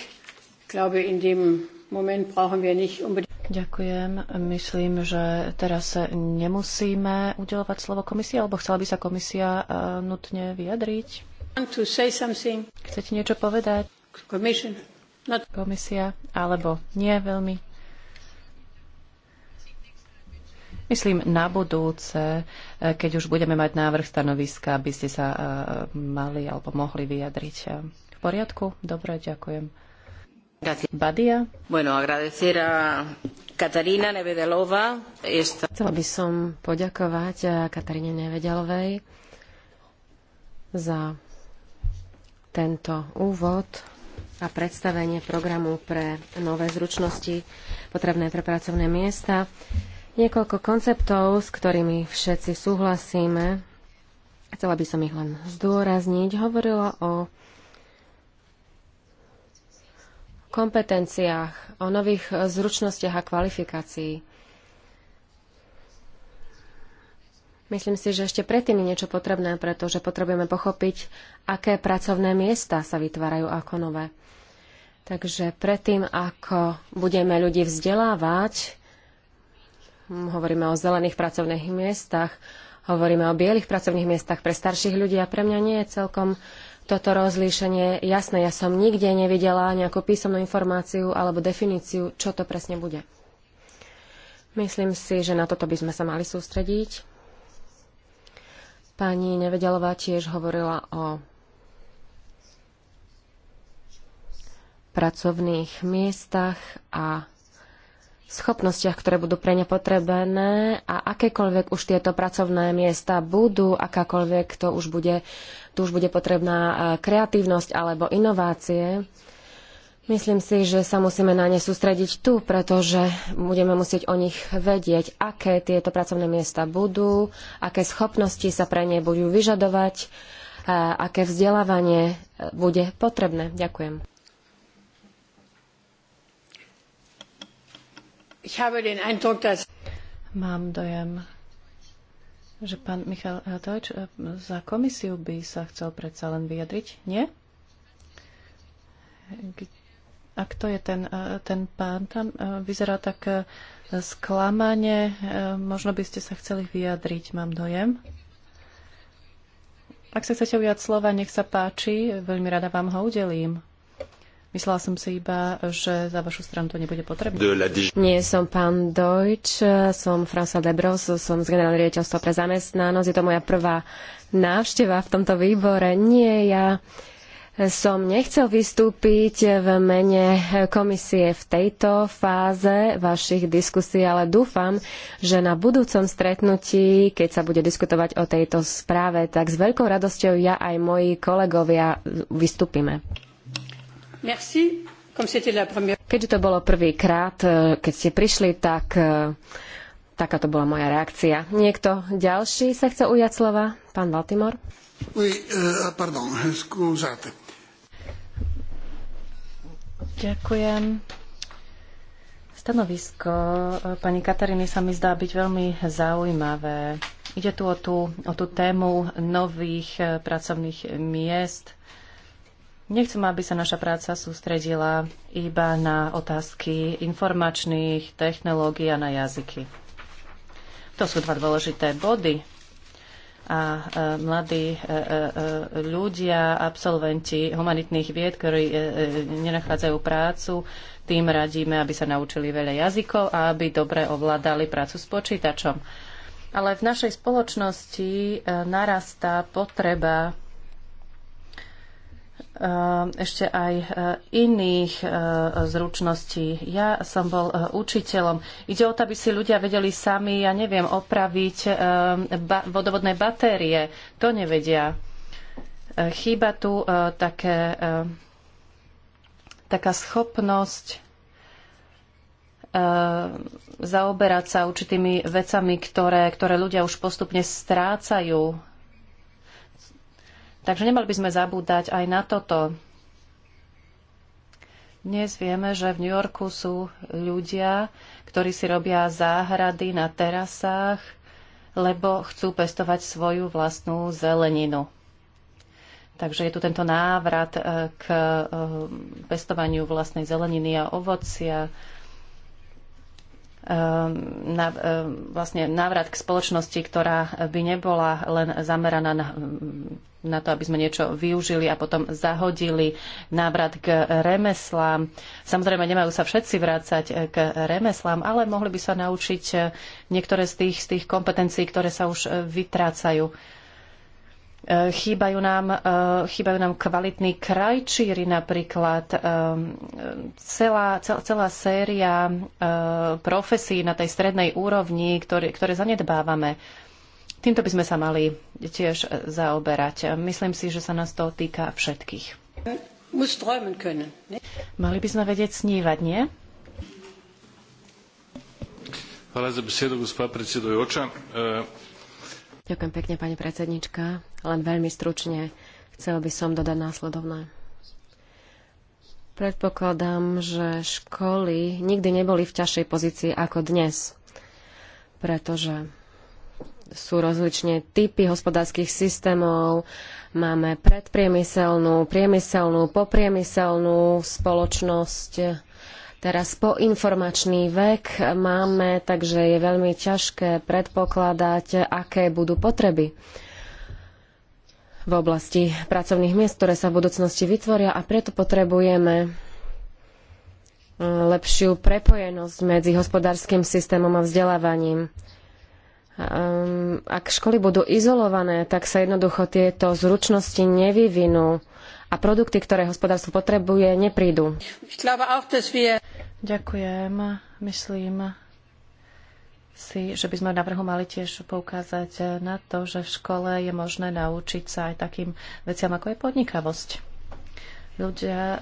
Ich glaube, in dem Moment brauchen wir nicht unbedingt Ďakujem. Myslím, že teraz nemusíme udelovať slovo komisie, alebo chcela by sa komisia e, nutne vyjadriť. Chcete niečo povedať? Komisia, alebo nie veľmi. Myslím, na budúce, e, keď už budeme mať návrh stanoviska, by ste sa e, mali alebo mohli vyjadriť. V poriadku? Dobre, ďakujem. Chcela by som poďakovať eh, Kataríne Nevedelovej za tento úvod a predstavenie programu pre nové zručnosti potrebné pre pracovné miesta. Niekoľko konceptov, s ktorými všetci súhlasíme. Chcela by som ich len zdôrazniť. Hovorila o kompetenciách, o nových zručnostiach a kvalifikácií. Myslím si, že ešte predtým je niečo potrebné, pretože potrebujeme pochopiť, aké pracovné miesta sa vytvárajú ako nové. Takže predtým, ako budeme ľudí vzdelávať, hovoríme o zelených pracovných miestach, hovoríme o bielých pracovných miestach pre starších ľudí a pre mňa nie je celkom toto rozlíšenie jasné. Ja som nikde nevidela nejakú písomnú informáciu alebo definíciu, čo to presne bude. Myslím si, že na toto by sme sa mali sústrediť. Pani Nevedelová tiež hovorila o pracovných miestach a schopnostiach, ktoré budú pre ne potrebené a akékoľvek už tieto pracovné miesta budú, akákoľvek to už bude, tu už bude potrebná e, kreatívnosť alebo inovácie. Myslím si, že sa musíme na ne sústrediť tu, pretože budeme musieť o nich vedieť, aké tieto pracovné miesta budú, aké schopnosti sa pre ne budú vyžadovať, e, aké vzdelávanie e, bude potrebné. Ďakujem. Mám dojem, že pán Michal Deutsch za komisiu by sa chcel predsa len vyjadriť, nie? A kto je ten, eh, ten pán tam? Eh, vyzerá tak eh, sklamane. Možno by ste sa chceli vyjadriť, mám dojem. Ak sa chcete ujať slova, nech sa páči. Veľmi rada vám ho udelím. Myslela som si iba, že za vašu stranu to nebude potrebné. Nie som pán Deutsch, som François Debros, som z generálne riaditeľstva pre zamestnanosť. Je to moja prvá návšteva v tomto výbore. Nie, ja som nechcel vystúpiť v mene komisie v tejto fáze vašich diskusí, ale dúfam, že na budúcom stretnutí, keď sa bude diskutovať o tejto správe, tak s veľkou radosťou ja aj moji kolegovia vystúpime. Keďže to bolo prvýkrát, e, keď ste prišli, tak e, taká to bola moja reakcia. Niekto ďalší sa chce ujať slova? Pán Valtimor? Oui, uh, pardon, Ďakujem. Stanovisko pani Kataríny sa mi zdá byť veľmi zaujímavé. Ide tu o tú, o tú tému nových pracovných miest, Nechcem, aby sa naša práca sústredila iba na otázky informačných technológií a na jazyky. To sú dva dôležité body. A e, mladí e, e, e, ľudia, absolventi humanitných vied, ktorí e, e, nenachádzajú prácu, tým radíme, aby sa naučili veľa jazykov a aby dobre ovládali prácu s počítačom. Ale v našej spoločnosti e, narastá potreba Ehm, ešte aj eh, iných eh, zručností. Ja som bol eh, učiteľom. Ide o to, aby si ľudia vedeli sami, ja neviem, opraviť ehm, vodovodné batérie. To nevedia. Chýba tu také, taká schopnosť zaoberať sa určitými vecami, ktoré, ktoré ľudia už postupne strácajú Takže nemali by sme zabúdať aj na toto. Dnes vieme, že v New Yorku sú ľudia, ktorí si robia záhrady na terasách, lebo chcú pestovať svoju vlastnú zeleninu. Takže je tu tento návrat eh, k eh, pestovaniu vlastnej zeleniny a ovocia. Ehm, na, ehm, vlastne návrat k spoločnosti, ktorá by nebola len zameraná na, mm, na to, aby sme niečo využili a potom zahodili návrat k remeslám. Samozrejme, nemajú sa všetci vrácať k remeslám, ale mohli by sa naučiť niektoré z tých, z tých kompetencií, ktoré sa už e, vytrácajú. Chýbajú nám, e, chýbajú nám kvalitní krajčíri napríklad. E, celá, celá séria e, profesí na tej strednej úrovni, ktoré, ktoré zanedbávame. Týmto by sme sa mali tiež zaoberať. Myslím si, že sa nás to týka všetkých. Mali by sme vedieť snívať, nie? Hvala za besedo, gospa predsedujoča. Ďakujem pekne, pani predsednička. Len veľmi stručne chcel by som dodať následovné. Predpokladám, že školy nikdy neboli v ťažšej pozícii ako dnes, pretože sú rozličné typy hospodárskych systémov. Máme predpriemyselnú, priemyselnú, popriemyselnú spoločnosť Teraz poinformačný vek máme, takže je veľmi ťažké predpokladať, aké budú potreby v oblasti pracovných miest, ktoré sa v budúcnosti vytvoria a preto potrebujeme eh, lepšiu prepojenosť medzi hospodárskym systémom a vzdelávaním. Ehm, ak školy budú izolované, tak sa jednoducho tieto zručnosti nevyvinú a produkty, ktoré hospodárstvo potrebuje, neprídu. Ďakujem. Myslím si, že by sme navrhu mali tiež poukázať na to, že v škole je možné naučiť sa aj takým veciam, ako je podnikavosť. Ľudia,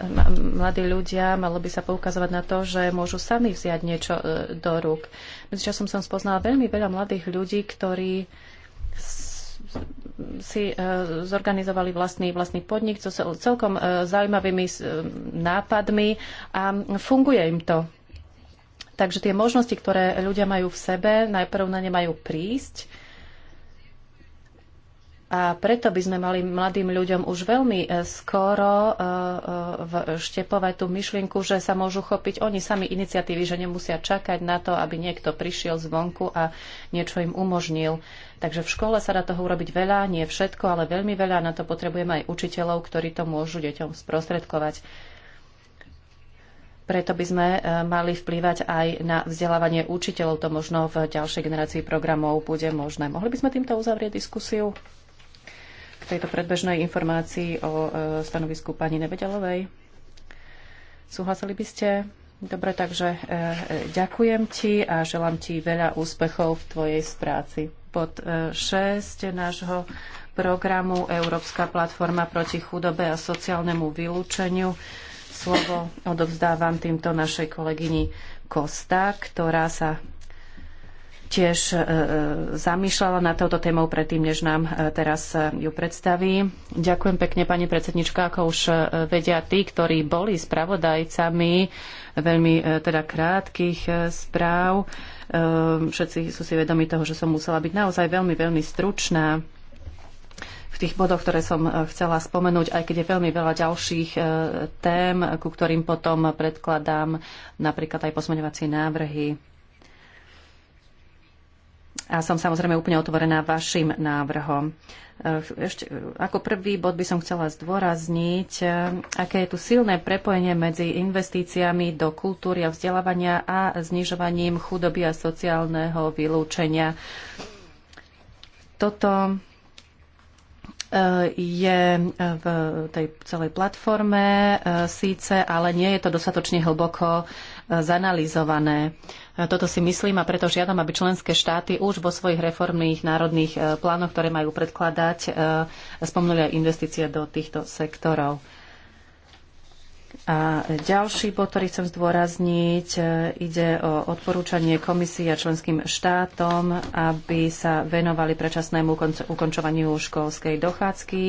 mladí ľudia, malo by sa poukazovať na to, že môžu sami vziať niečo e, do rúk. Medzičasom som spoznala veľmi veľa mladých ľudí, ktorí si e, zorganizovali vlastný, vlastný podnik so celkom e, zaujímavými e, nápadmi a funguje im to. Takže tie možnosti, ktoré ľudia majú v sebe, najprv na ne majú prísť. A preto by sme mali mladým ľuďom už veľmi skoro štepovať tú myšlienku, že sa môžu chopiť oni sami iniciatívy, že nemusia čakať na to, aby niekto prišiel zvonku a niečo im umožnil. Takže v škole sa dá toho urobiť veľa, nie všetko, ale veľmi veľa. Na to potrebujeme aj učiteľov, ktorí to môžu deťom sprostredkovať. Preto by sme e, mali vplývať aj na vzdelávanie učiteľov. To možno v ďalšej generácii programov bude možné. Mohli by sme týmto uzavrieť diskusiu k tejto predbežnej informácii o e, stanovisku pani Nevedelovej. Súhlasili by ste? Dobre, takže e, ďakujem ti a želám ti veľa úspechov v tvojej práci pod 6 e, nášho programu Európska platforma proti chudobe a sociálnemu vylúčeniu. Slovo odovzdávam týmto našej kolegyni Kosta, ktorá sa tiež e, e, zamýšľala na touto témou predtým, než nám e, teraz ju predstaví. Ďakujem pekne, pani predsednička, ako už vedia tí, ktorí boli spravodajcami veľmi teda krátkých správ. Všetci sú si vedomi toho, že som musela byť naozaj veľmi, veľmi stručná v tých bodoch, ktoré som chcela spomenúť, aj keď je veľmi veľa ďalších tém, ku ktorým potom predkladám napríklad aj posmeňovacie návrhy a som samozrejme úplne otvorená vašim návrhom. Eh, ešte ako prvý bod by som chcela zdôrazniť, eh, aké je tu silné prepojenie medzi investíciami do kultúry a vzdelávania a znižovaním chudoby a sociálneho vylúčenia. Toto eh, je v tej celej platforme síce, ale nie je to dostatočne hlboko zanalizované. Toto si myslím a preto žiadam, aby členské štáty už vo svojich reformných národných e, plánoch, ktoré majú predkladať, e, spomnuli aj investície do týchto sektorov. A ďalší bod, ktorý chcem zdôrazniť, e, ide o odporúčanie komisii a členským štátom, aby sa venovali predčasnému ukončovaniu školskej dochádzky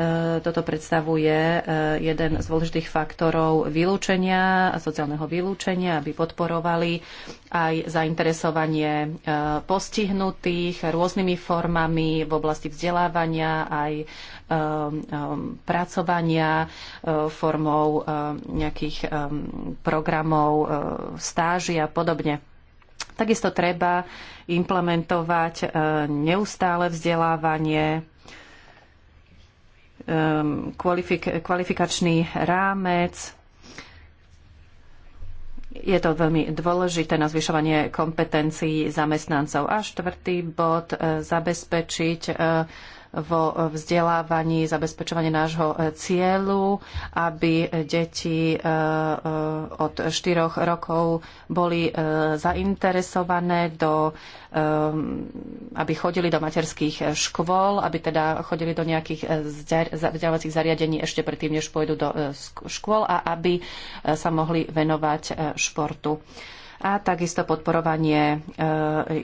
E, toto predstavuje e, jeden z dôležitých faktorov vylúčenia, sociálneho vylúčenia, aby podporovali aj zainteresovanie e, postihnutých rôznymi formami v oblasti vzdelávania, aj pracovania formou nejakých programov stáži a podobne. Takisto treba implementovať neustále vzdelávanie Um, kvalifik- kvalifikačný rámec. Je to veľmi dôležité na zvyšovanie kompetencií zamestnancov. A štvrtý bod, e, zabezpečiť e, vo vzdelávaní, zabezpečovanie nášho e, cieľu, aby deti e, e, od 4 rokov boli zainteresované do aby chodili do materských škôl, aby teda chodili do nejakých vzdelávacích zariadení ešte predtým, než pôjdu do škôl a aby sa mohli venovať športu a takisto podporovanie e,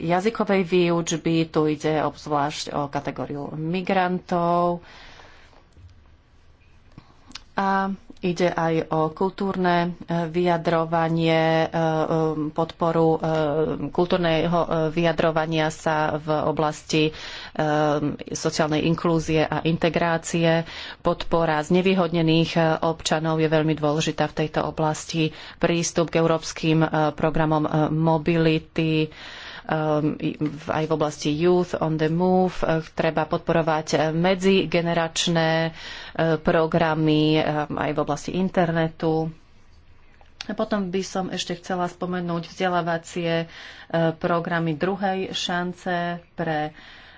jazykovej výučby. Tu ide obzvlášť o kategóriu migrantov. A Ide aj o kultúrne e, vyjadrovanie, e, e, podporu kultúrneho vyjadrovania sa v oblasti sociálnej inklúzie a integrácie. Podpora znevýhodnených občanov je veľmi dôležitá v tejto oblasti. Prístup k európskym programom mobility, Um, aj v oblasti Youth on the Move. Uh, treba podporovať uh, medzigeneračné uh, programy um, aj v oblasti internetu. A potom by som ešte chcela spomenúť vzdelávacie programy druhej šance pre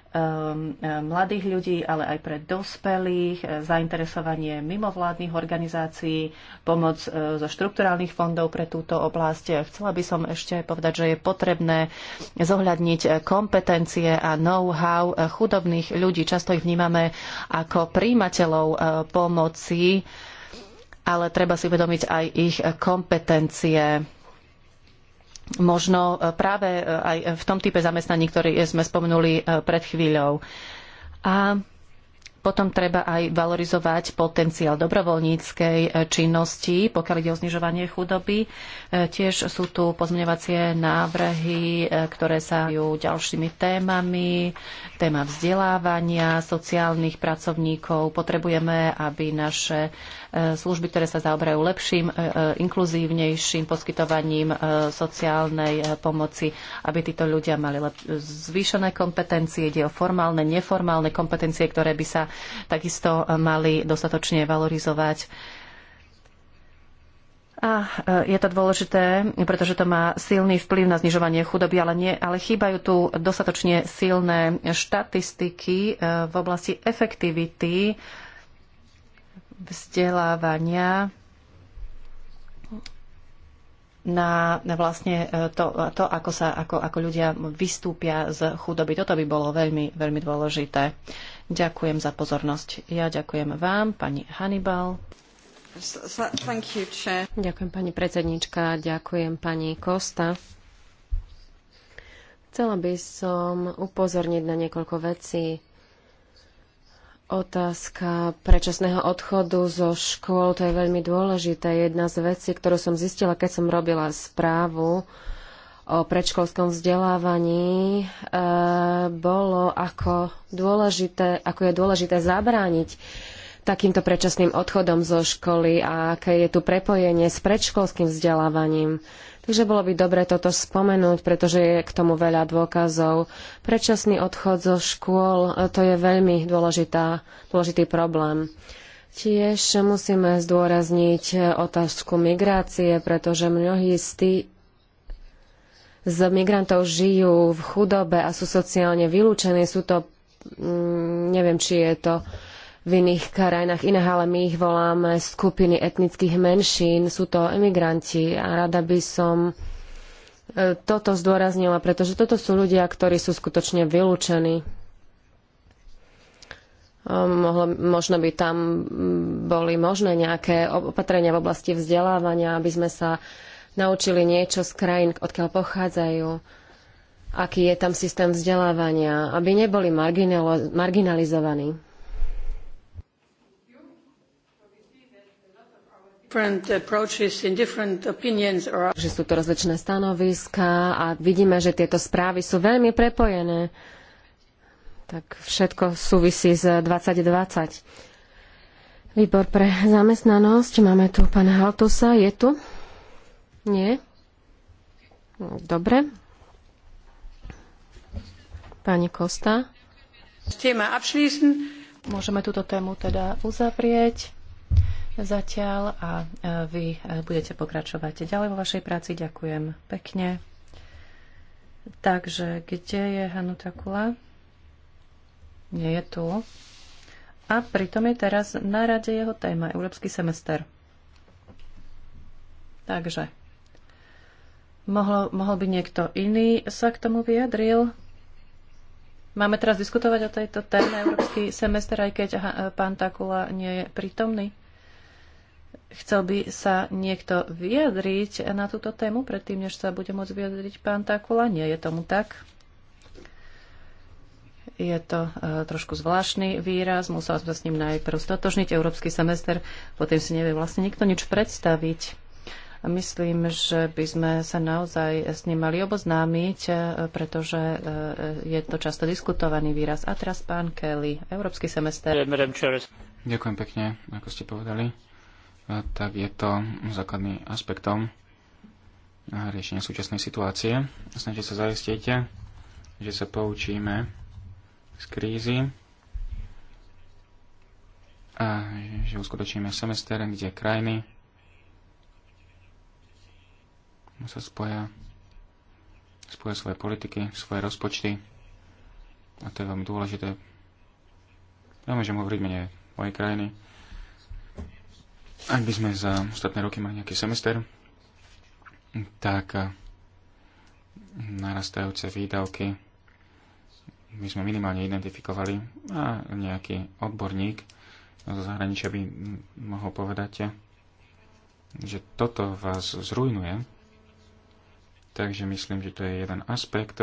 Um, mladých ľudí, ale aj pre dospelých, e, zainteresovanie mimovládnych organizácií, pomoc e, zo štrukturálnych fondov pre túto oblasť. Chcela by som ešte povedať, že je potrebné zohľadniť kompetencie a know-how e, chudobných ľudí. Často ich vnímame ako príjimateľov pomoci, ale treba si uvedomiť aj ich kompetencie možno e, práve e, aj v tom type zamestnaní, ktorý sme spomenuli e, pred chvíľou. A potom treba aj valorizovať potenciál dobrovoľníckej činnosti, pokiaľ ide o znižovanie chudoby. Tiež sú tu pozmeňovacie návrhy, ktoré sa ju ďalšími témami, téma vzdelávania sociálnych pracovníkov. Potrebujeme, aby naše služby, ktoré sa zaoberajú lepším, e, e, inkluzívnejším poskytovaním e, sociálnej pomoci, aby títo ľudia mali zvýšené kompetencie. Ide o formálne, neformálne kompetencie, ktoré by sa takisto mali dostatočne valorizovať. A je to dôležité, pretože to má silný vplyv na znižovanie chudoby, ale, nie, ale chýbajú tu dostatočne silné štatistiky v oblasti efektivity vzdelávania na, na vlastne e, to, to ako, sa, ako, ako ľudia vystúpia z chudoby. Toto by bolo veľmi, veľmi dôležité. Ďakujem za pozornosť. Ja ďakujem vám, pani Hannibal. You, ďakujem pani predsednička, ďakujem pani Kosta. Chcela by som upozorniť na niekoľko vecí. Otázka predčasného odchodu zo škôl, to je veľmi dôležité. Jedna z vecí, ktorú som zistila, keď som robila správu o predškolskom vzdelávaní, e, bolo, ako, dôležité, ako je dôležité zabrániť takýmto predčasným odchodom zo školy a aké je tu prepojenie s predškolským vzdelávaním. E, Takže bolo by dobre toto spomenúť, pretože je k tomu veľa dôkazov. Predčasný odchod zo škôl, e, to je veľmi dôležitá, dôležitý problém. Tiež musíme zdôrazniť e, otázku migrácie, pretože mnohí z tých z migrantov žijú v chudobe a sú sociálne vylúčení. Sú to, mm, neviem, či je to v iných krajinách iných, ale my ich voláme skupiny etnických menšín, sú to emigranti a rada by som e, toto zdôraznila, pretože toto sú ľudia, ktorí sú skutočne vylúčení. E, možno by tam mm, boli možné nejaké opatrenia v oblasti vzdelávania, aby sme sa naučili niečo z krajín, odkiaľ pochádzajú, aký je tam systém vzdelávania, aby neboli marginalizovaní. že sú to rozličné stanoviská a vidíme, že tieto správy sú veľmi prepojené. Tak všetko súvisí s 2020. Výbor pre zamestnanosť. Máme tu pána Haltusa. Je tu? Nie? Dobre. Pani Kosta. Môžeme túto tému teda uzavrieť zatiaľ a e, vy e, budete pokračovať ďalej vo vašej práci. Ďakujem pekne. Takže, kde je Kula? Nie je tu. A pritom je teraz na rade jeho téma Európsky semester. Takže, mohol, mohol by niekto iný sa k tomu vyjadril? Máme teraz diskutovať o tejto téme Európsky semester, aj keď e, pán Takula nie je prítomný. Chcel by sa niekto vyjadriť na túto tému predtým, než sa bude môcť vyjadriť pán Takula? Nie je tomu tak? Je to uh, trošku zvláštny výraz, musel sa s ním najprv stotožniť. Európsky semester, potom si nevie vlastne nikto nič predstaviť. A myslím, že by sme sa naozaj s ním mali oboznámiť, e, pretože e, je to často diskutovaný výraz. A teraz pán Kelly, Európsky semester. Ďakujem pekne, ako ste povedali tak je to základným aspektom riešenia súčasnej situácie. Snažte sa zaistiť, že sa poučíme z krízy a že uskutočníme semester, kde krajiny sa spoja, spoja svoje politiky, svoje rozpočty a to je veľmi dôležité. Ja môžem hovoriť menej mojej krajiny, ak by sme za ostatné roky mali nejaký semester, tak eh, narastajúce výdavky by sme minimálne identifikovali a nejaký odborník zo zahraničia by mohol povedať, že toto vás zrujnuje. Takže myslím, že to je jeden aspekt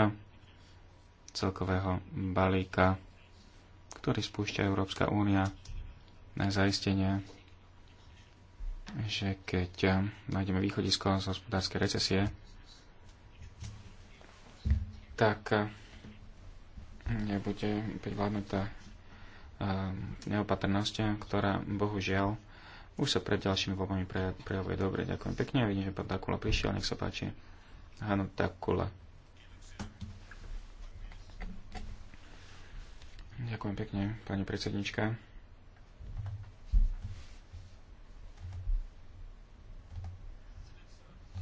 celkového balíka, ktorý spúšťa Európska únia na zaistenie že keď eh, nájdeme východisko z hospodárskej recesie, tak eh, nebude vládnutá eh, neopatrnosť, ktorá bohužiaľ už sa pred ďalšími voľbami prejavuje dobre. Ďakujem pekne a vidím, že pán Takula prišiel, nech sa páči. Hanu Takula. Ďakujem pekne, pani predsednička.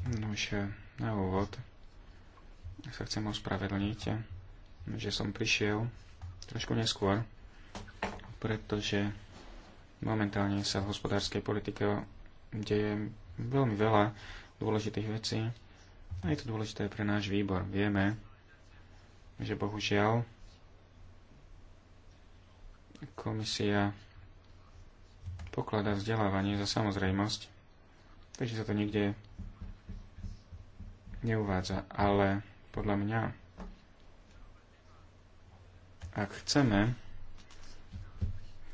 No Nož na úvod sa chcem ospravedlniť, že som prišiel trošku neskôr, pretože momentálne sa v hospodárskej politike deje veľmi veľa dôležitých vecí a je to dôležité pre náš výbor. Vieme, že bohužiaľ komisia pokladá vzdelávanie za samozrejmosť, takže sa to niekde neuvádza, ale podľa mňa, ak chceme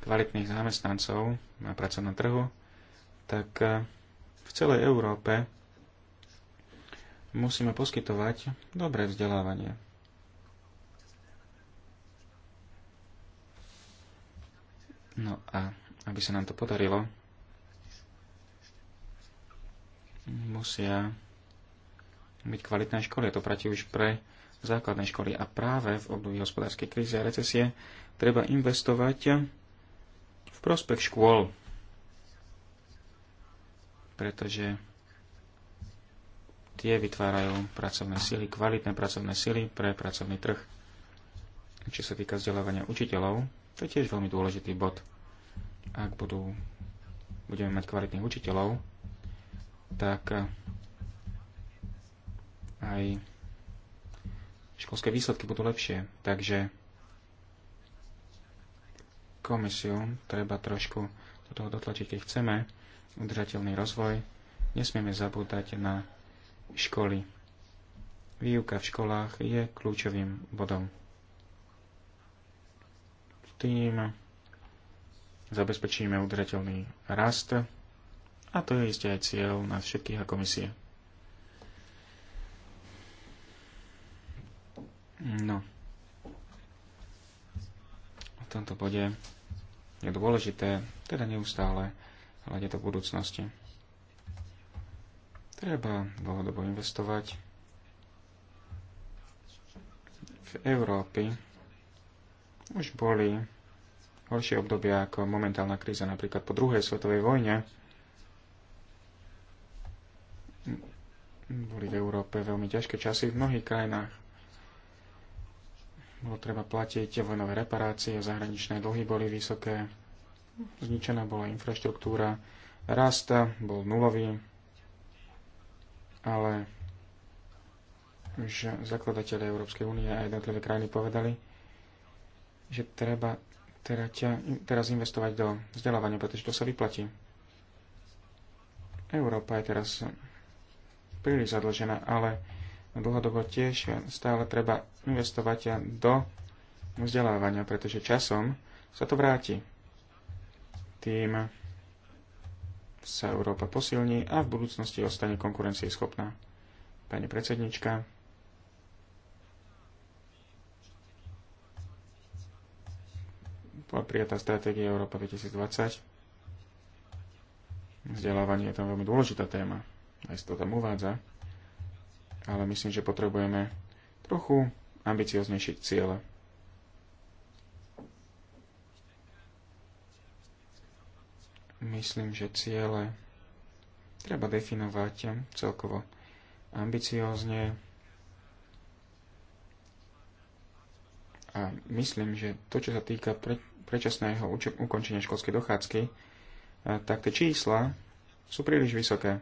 kvalitných zamestnancov na pracovnom trhu, tak eh, v celej Európe musíme poskytovať dobré vzdelávanie. No a aby sa nám to podarilo, musia byť kvalitné školy. A to platí už pre základné školy. A práve v období hospodárskej krízy a recesie treba investovať v prospech škôl. Pretože tie vytvárajú pracovné sily, kvalitné pracovné sily pre pracovný trh. Čo sa týka vzdelávania učiteľov, to je tiež veľmi dôležitý bod. Ak budú, budeme mať kvalitných učiteľov, tak aj školské výsledky budú lepšie. Takže komisiu treba trošku do toho dotlačiť, keď chceme udržateľný rozvoj. Nesmieme zabúdať na školy. Výuka v školách je kľúčovým bodom. Tým zabezpečíme udržateľný rast a to je isté aj cieľ nás všetkých a komisie. No. V tomto bode je dôležité, teda neustále hľadať do budúcnosti. Treba dlhodobo investovať v Európy už boli horšie obdobia ako momentálna kríza, napríklad po druhej svetovej vojne. Boli v Európe veľmi ťažké časy v mnohých krajinách bolo treba platiť vojnové reparácie, zahraničné dlhy boli vysoké, zničená bola infraštruktúra, rast bol nulový, ale už zakladateľe Európskej únie a jednotlivé krajiny povedali, že treba teraz investovať do vzdelávania, pretože to sa vyplatí. Európa je teraz príliš zadlžená, ale dlhodobo tiež stále treba investovať do vzdelávania, pretože časom sa to vráti. Tým sa Európa posilní a v budúcnosti ostane konkurencieschopná. Pani predsednička, bola prijatá stratégia Európa 2020. Vzdelávanie je tam veľmi dôležitá téma, aj to tam uvádza ale myslím, že potrebujeme trochu ambicioznejšie ciele. Myslím, že ciele treba definovať celkovo ambiciózne a myslím, že to, čo sa týka pre, predčasného ukončenia školskej dochádzky, tak tie čísla sú príliš vysoké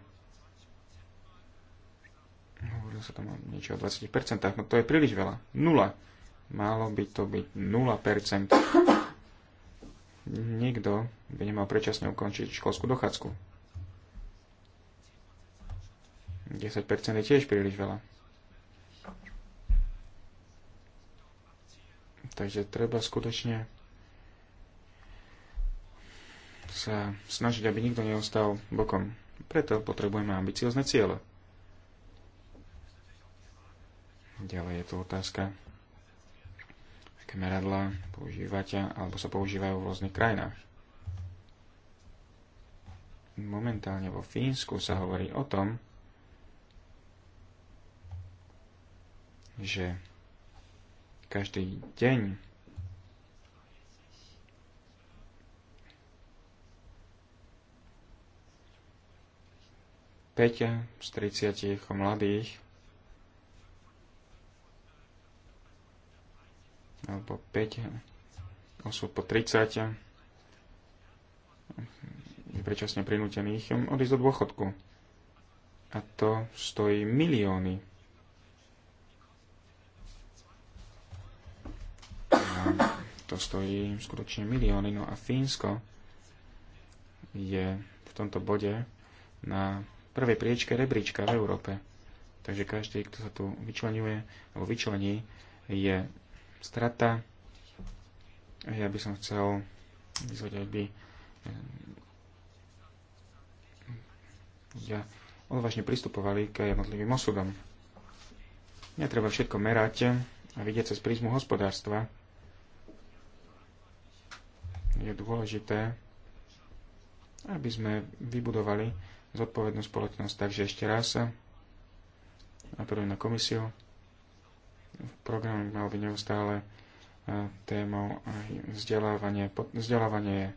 hovorilo sa tam niečo o 20%, no to je príliš veľa. Nula. Malo by to byť 0%. Nikto by nemal predčasne ukončiť školskú dochádzku. 10% je tiež príliš veľa. Takže treba skutočne sa snažiť, aby nikto neostal bokom. Preto potrebujeme ambiciozne ciele. Ďalej je tu otázka, aké meradla používate alebo sa používajú v rôznych krajinách. Momentálne vo Fínsku sa hovorí o tom, že každý deň Peťa z 30 mladých alebo 5 osôb po 30 prečasne prinútených odísť do dôchodku. A to stojí milióny. A to stojí skutočne milióny. No a Fínsko je v tomto bode na prvej priečke rebríčka v Európe. Takže každý, kto sa tu vyčlenuje alebo vyčlení, je strata. Ja by som chcel vyzvať, aby ľudia odvážne pristupovali k jednotlivým osudom. Netreba všetko merať a vidieť cez prízmu hospodárstva. Je dôležité, aby sme vybudovali zodpovednú spoločnosť. Takže ešte raz apelujem na komisiu, program mal byť neustále e, témou a vzdelávanie. Vzdelávanie je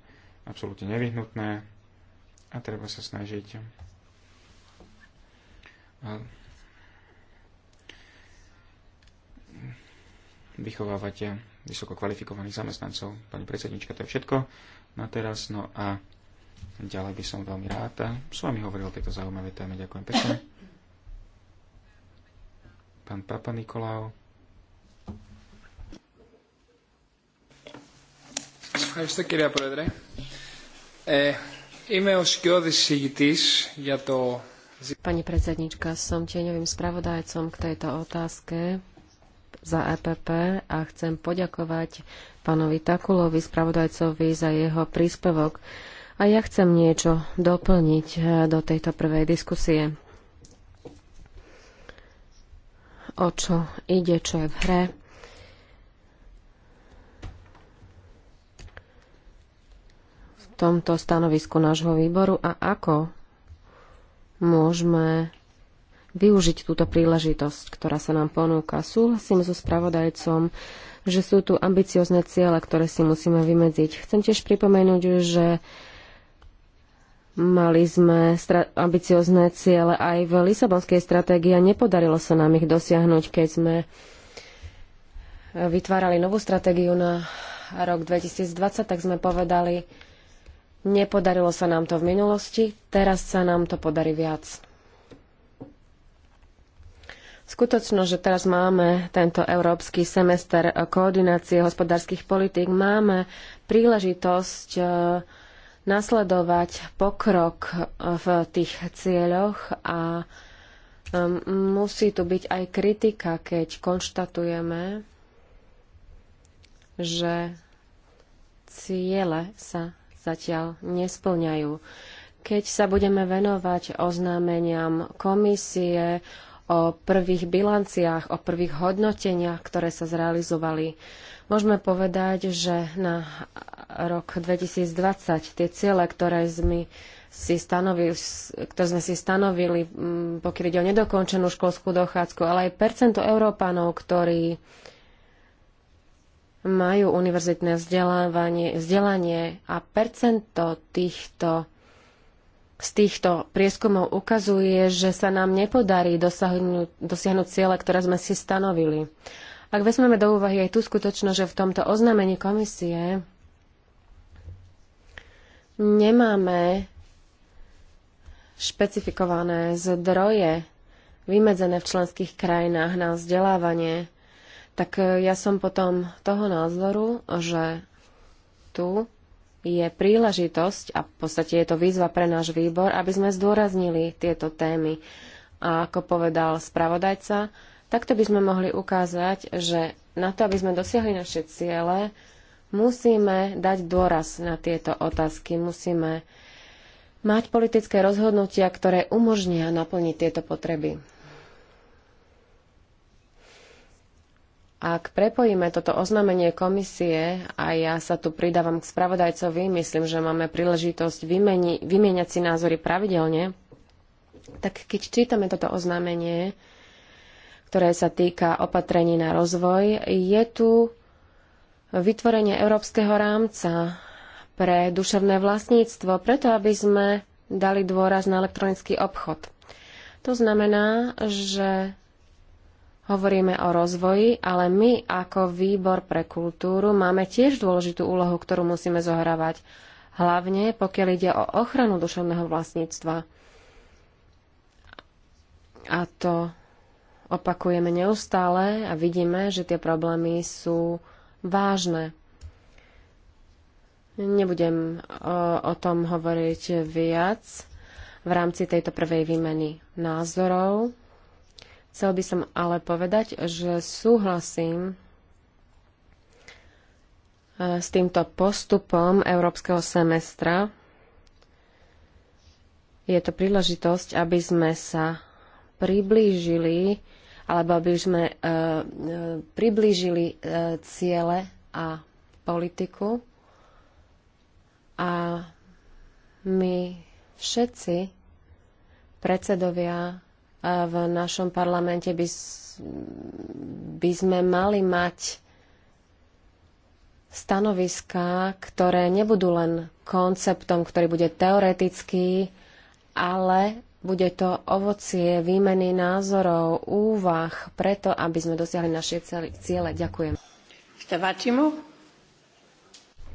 absolútne nevyhnutné a treba sa snažiť vychovávať vysoko kvalifikovaných zamestnancov. Pani predsednička, to je všetko na teraz. No a ďalej by som veľmi rád a s vami hovoril o tejto zaujímavej téme. Ďakujem pekne. Pán Papa Nikolau. Ευχαριστώ Πρόεδρε. Ε, είμαι ο σκιώδης για το... Pani predsedníčka, som tieňovým spravodajcom k tejto otázke za EPP a chcem poďakovať pánovi Takulovi, spravodajcovi, za jeho príspevok. A ja chcem niečo doplniť e, do tejto prvej diskusie. O čo ide, čo je v hre. tomto stanovisku nášho výboru a ako môžeme využiť túto príležitosť, ktorá sa nám ponúka. Súhlasím so spravodajcom, že sú tu ambiciozne ciele, ktoré si musíme vymedziť. Chcem tiež pripomenúť, že mali sme ambiciozne ciele aj v Lisabonskej stratégii a nepodarilo sa nám ich dosiahnuť, keď sme vytvárali novú stratégiu na rok 2020, tak sme povedali, Nepodarilo sa nám to v minulosti, teraz sa nám to podarí viac. Skutočno, že teraz máme tento európsky semester koordinácie hospodárskych politík, máme príležitosť e, nasledovať pokrok e, v tých cieľoch a musí tu byť aj kritika, keď konštatujeme, že ciele sa zatiaľ nesplňajú. Keď sa budeme venovať oznámeniam komisie o prvých bilanciách, o prvých hodnoteniach, ktoré sa zrealizovali, môžeme povedať, že na rok 2020 tie ciele, ktoré sme si stanovili, ktoré sme si stanovili, mm, pokiaľ ide o nedokončenú školskú dochádzku, ale aj percento Európanov, ktorí majú univerzitné vzdelávanie, vzdelanie a percento týchto z týchto prieskumov ukazuje, že sa nám nepodarí dosiahnuť, dosiahnuť ciele, ktoré sme si stanovili. Ak vezmeme do úvahy aj tú skutočnosť, že v tomto oznámení komisie nemáme špecifikované zdroje vymedzené v členských krajinách na vzdelávanie, tak e, ja som potom toho názoru, že tu je príležitosť a v podstate je to výzva pre náš výbor, aby sme zdôraznili tieto témy. A ako povedal spravodajca, takto by sme mohli ukázať, že na to, aby sme dosiahli naše ciele, musíme dať dôraz na tieto otázky, musíme mať politické rozhodnutia, ktoré umožnia naplniť tieto potreby. Ak prepojíme toto oznámenie komisie a ja sa tu pridávam k spravodajcovi, myslím, že máme príležitosť vymeni, vymieňať si názory pravidelne, tak keď čítame toto oznámenie, ktoré sa týka opatrení na rozvoj, je tu vytvorenie európskeho rámca pre duševné vlastníctvo, preto aby sme dali dôraz na elektronický obchod. To znamená, že hovoríme o rozvoji, ale my ako výbor pre kultúru máme tiež dôležitú úlohu, ktorú musíme zohrávať. Hlavne pokiaľ ide o ochranu duševného vlastníctva. A to opakujeme neustále a vidíme, že tie problémy sú vážne. Nebudem o, o tom hovoriť viac v rámci tejto prvej výmeny názorov. Chcel by som ale povedať, že súhlasím e, s týmto postupom európskeho semestra. Je to príležitosť, aby sme sa priblížili alebo aby sme e, e priblížili e, ciele a politiku. A my všetci, predsedovia v našom parlamente by, by sme mali mať stanoviská, ktoré nebudú len konceptom, ktorý bude teoretický, ale bude to ovocie výmeny názorov, úvah, preto, aby sme dosiahli naše ciele. Ďakujem. Vatimo?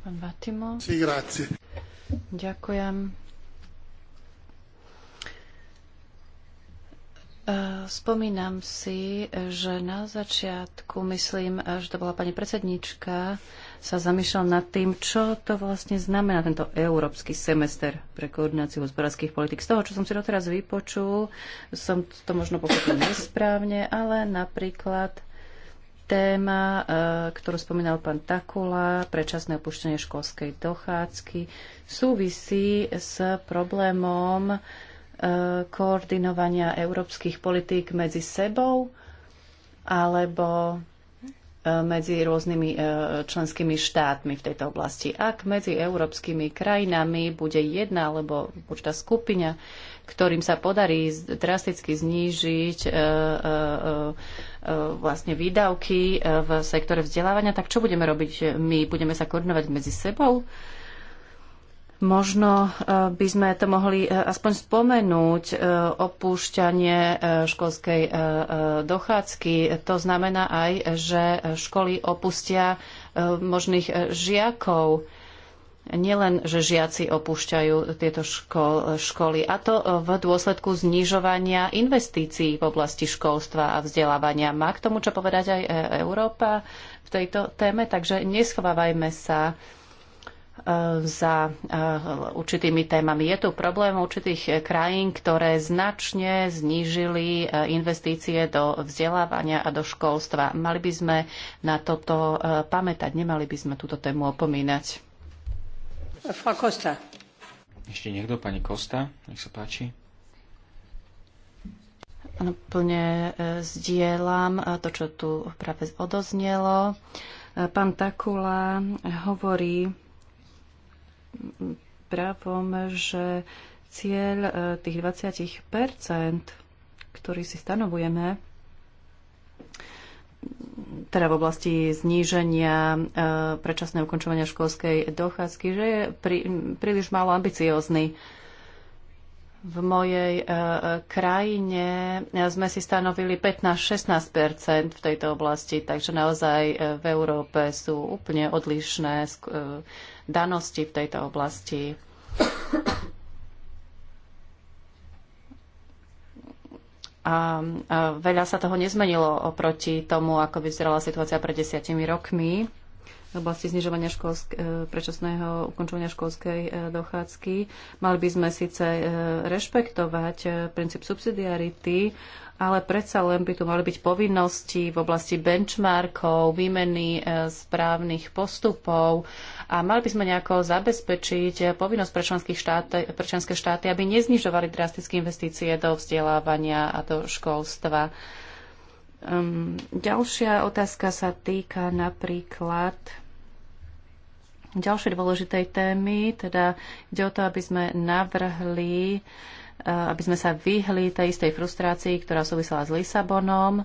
Pán Vatimo. Ďakujem. E, spomínam si, že na začiatku, myslím, že to bola pani predsednička, sa zamýšľal nad tým, čo to vlastne znamená tento európsky semester pre koordináciu hospodárskych politik. Z toho, čo som si doteraz vypočul, som to možno pochopil nesprávne, ale napríklad téma, e, ktorú spomínal pán Takula, predčasné opuštenie školskej dochádzky, súvisí s problémom Eh, koordinovania európskych politík medzi sebou alebo eh, medzi rôznymi eh, členskými štátmi v tejto oblasti. Ak medzi európskymi krajinami bude jedna alebo určitá skupina, ktorým sa podarí drasticky znížiť vlastne výdavky v sektore vzdelávania, tak čo budeme robiť my? Budeme sa koordinovať medzi sebou? Možno e, by sme to mohli e, aspoň spomenúť, e, opúšťanie školskej dochádzky. To znamená aj, že školy opustia možných žiakov. Nielen, že žiaci opúšťajú tieto školy, a to v dôsledku znižovania investícií v oblasti školstva a vzdelávania. Má k tomu čo povedať aj Európa v tejto téme, takže neschovávajme sa E, za e, určitými témami. Je tu problém určitých krajín, ktoré značne znížili e, investície do vzdelávania a do školstva. Mali by sme na toto pamätať, nemali by sme túto tému opomínať. Ešte niekto? Pani Kosta, nech sa páči. Plne zdieľam to, čo tu práve odoznelo. Pán Takula hovorí, právom, že cieľ e, tých 20 ktorý si stanovujeme, teda v oblasti zníženia e, predčasného ukončovania školskej dochádzky, že je prí, príliš málo ambiciózny. V mojej e, krajine sme si stanovili 15-16 v tejto oblasti, takže naozaj v Európe sú úplne odlišné danosti v tejto oblasti. A veľa sa toho nezmenilo oproti tomu, ako vyzerala situácia pred desiatimi rokmi v oblasti znižovania školsk- e, prečasného ukončovania školskej e, dochádzky. Mali by sme síce e, rešpektovať princíp subsidiarity, ale predsa len by tu mali byť povinnosti v oblasti benchmarkov, výmeny e, správnych postupov a mali by sme nejako zabezpečiť povinnosť pre, štáty, pre členské štáty, aby neznižovali drastické investície do vzdelávania a do školstva. Um, ďalšia otázka sa týka napríklad ďalšej dôležitej témy, teda ide o to, aby sme navrhli Eh, aby sme sa vyhli tej istej frustrácii, ktorá súvisela s Lisabonom, eh,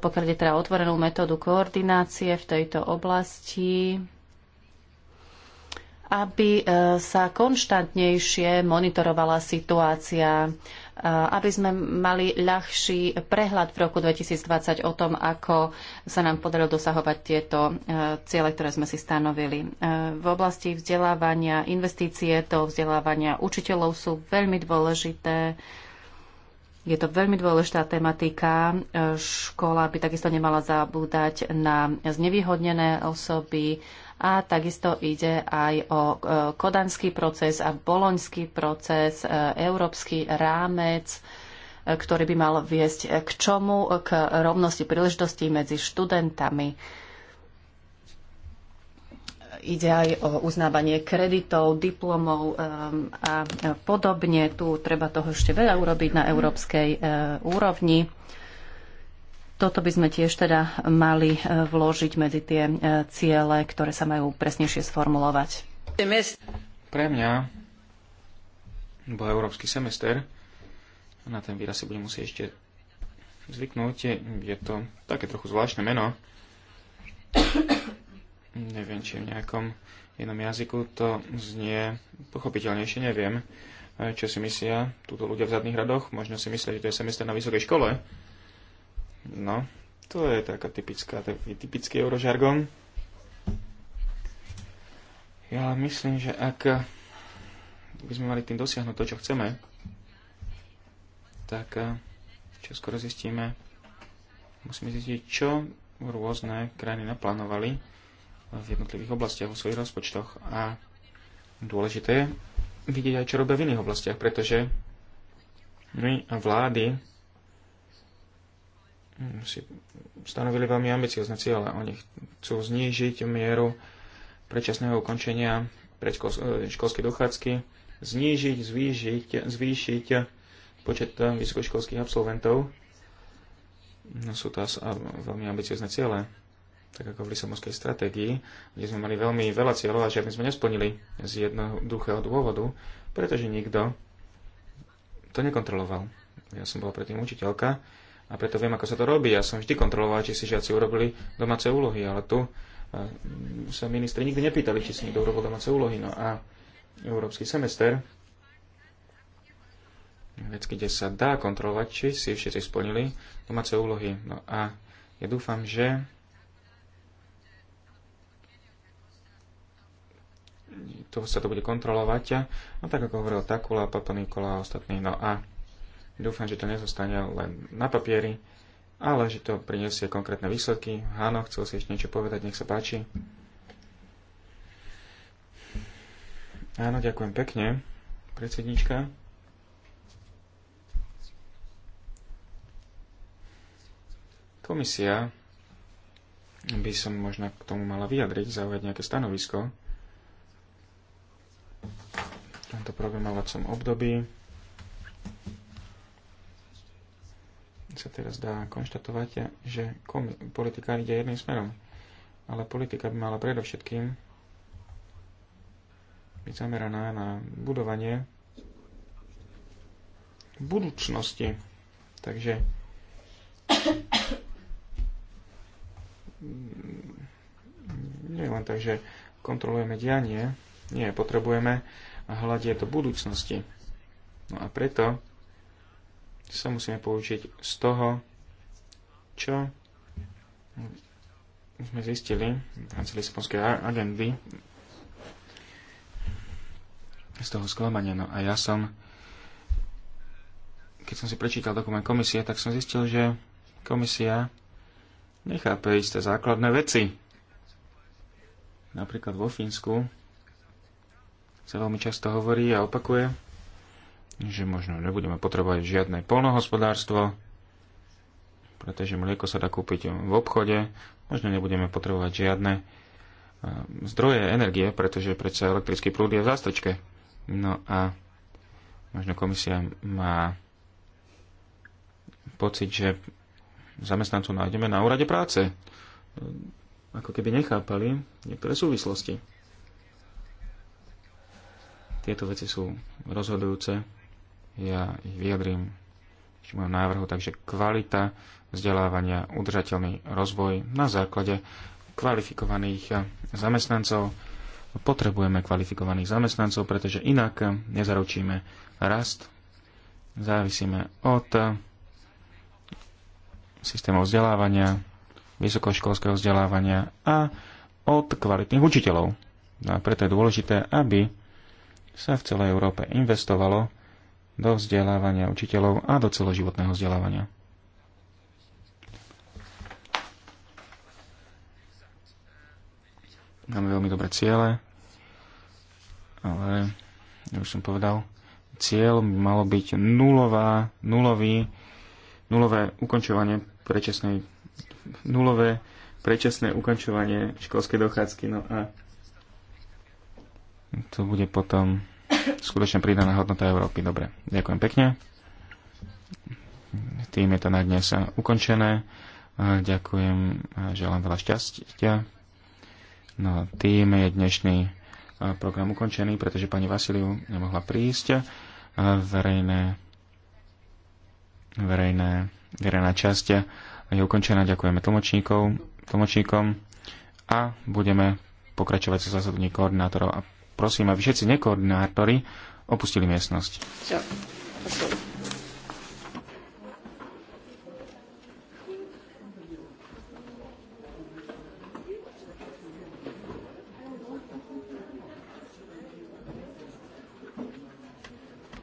pokiaľ je teda otvorenú metódu koordinácie v tejto oblasti, aby eh, sa konštantnejšie monitorovala situácia Eh, aby sme mali ľahší prehľad v roku 2020 o tom, ako sa nám podarilo dosahovať tieto eh, ciele, ktoré sme si stanovili. Eh, v oblasti vzdelávania investície do vzdelávania učiteľov sú veľmi dôležité. Je to veľmi dôležitá tematika. Škola by takisto nemala zabúdať na znevýhodnené osoby, a takisto ide aj o e, kodanský proces a boloňský proces, e, európsky rámec, e, ktorý by mal viesť k čomu? K rovnosti príležitostí medzi študentami. Ide aj o uznávanie kreditov, diplomov a podobne. Tu treba toho ešte veľa urobiť na európskej úrovni. Toto by sme tiež teda mali e, vložiť medzi tie e, ciele, ktoré sa majú presnejšie sformulovať. Pre mňa bol európsky semester. Na ten výraz si budem musieť ešte zvyknúť. Je to také trochu zvláštne meno. Neviem, či v nejakom inom jazyku to znie pochopiteľnejšie, neviem, e, čo si myslia túto ľudia v zadných radoch. Možno si myslia, že to je semester na vysokej škole No, to je taká typická, taký typický eurožargon. Ja myslím, že ak by sme mali tým dosiahnuť to, čo chceme, tak eh, čo skoro zistíme, musíme zistiť, čo rôzne krajiny naplánovali v jednotlivých oblastiach vo svojich rozpočtoch. A dôležité je vidieť aj, čo robia v iných oblastiach, pretože my a vlády si stanovili veľmi ambiciozne ciele. Oni chcú znížiť mieru predčasného ukončenia eh, školskej dochádzky, znížiť, zvýšiť, zvýšiť počet eh, vysokoškolských absolventov. No, sú to eh, veľmi ambiciozne ciele, tak ako v Lisabonskej stratégii, kde sme mali veľmi veľa cieľov a žiadne sme nesplnili z jednoduchého dôvodu, pretože nikto to nekontroloval. Ja som bola predtým učiteľka, a preto viem, ako sa to robí. Ja som vždy kontroloval, či si žiaci urobili domáce úlohy, ale tu eh, sa ministri nikdy nepýtali, či si niekto urobil domáce úlohy. No a európsky semester, vec, kde sa dá kontrolovať, či si všetci splnili domáce úlohy. No a ja dúfam, že to sa to bude kontrolovať. No tak ako hovoril Takula, Papa Nikola a ostatní. No a Dúfam, že to nezostane len na papieri, ale že to priniesie konkrétne výsledky. Áno, chcel si ešte niečo povedať, nech sa páči. Áno, ďakujem pekne, predsednička. Komisia by som možno k tomu mala vyjadriť, zaujať nejaké stanovisko. tento tomto programovacom období sa teraz dá konštatovať, že politika ide jedným smerom. Ale politika by mala predovšetkým byť zameraná na budovanie budúcnosti. Takže nie len tak, že kontrolujeme dianie, nie, potrebujeme hľadieť do budúcnosti. No a preto sa musíme poučiť z toho, čo sme zistili v rámci Lisabonskej agendy z toho sklamania. No a ja som, keď som si prečítal dokument komisie, tak som zistil, že komisia nechápe isté základné veci. Napríklad vo Fínsku sa veľmi často hovorí a opakuje, že možno nebudeme potrebovať žiadne polnohospodárstvo, pretože mlieko sa dá kúpiť v obchode, možno nebudeme potrebovať žiadne e, zdroje energie, pretože predsa elektrický prúd je v zástočke. No a možno komisia má pocit, že zamestnancov nájdeme na úrade práce. Ako keby nechápali niektoré súvislosti. Tieto veci sú rozhodujúce ja ich vyjadrím v môjom návrhu, takže kvalita vzdelávania, udržateľný rozvoj na základe kvalifikovaných zamestnancov. Potrebujeme kvalifikovaných zamestnancov, pretože inak nezaručíme rast, závisíme od systémov vzdelávania, vysokoškolského vzdelávania a od kvalitných učiteľov. No a preto je dôležité, aby sa v celej Európe investovalo do vzdelávania učiteľov a do celoživotného vzdelávania. Máme veľmi dobré ciele, ale ja už som povedal, cieľ by malo byť nulová, nulový, nulové ukončovanie prečasnej, nulové predčasné ukončovanie školskej dochádzky. No a to bude potom skutočne pridaná hodnota Európy. Dobre, ďakujem pekne. Tým je to na dnes ukončené. Ďakujem, želám veľa šťastia. No tým je dnešný program ukončený, pretože pani Vasiliu nemohla prísť. Verejné, verejné, verejná časť je ukončená. Ďakujeme tlmočníkom a budeme pokračovať sa zásadní koordinátorov a prosím, aby všetci nekoordinátori opustili miestnosť. Ďakujem.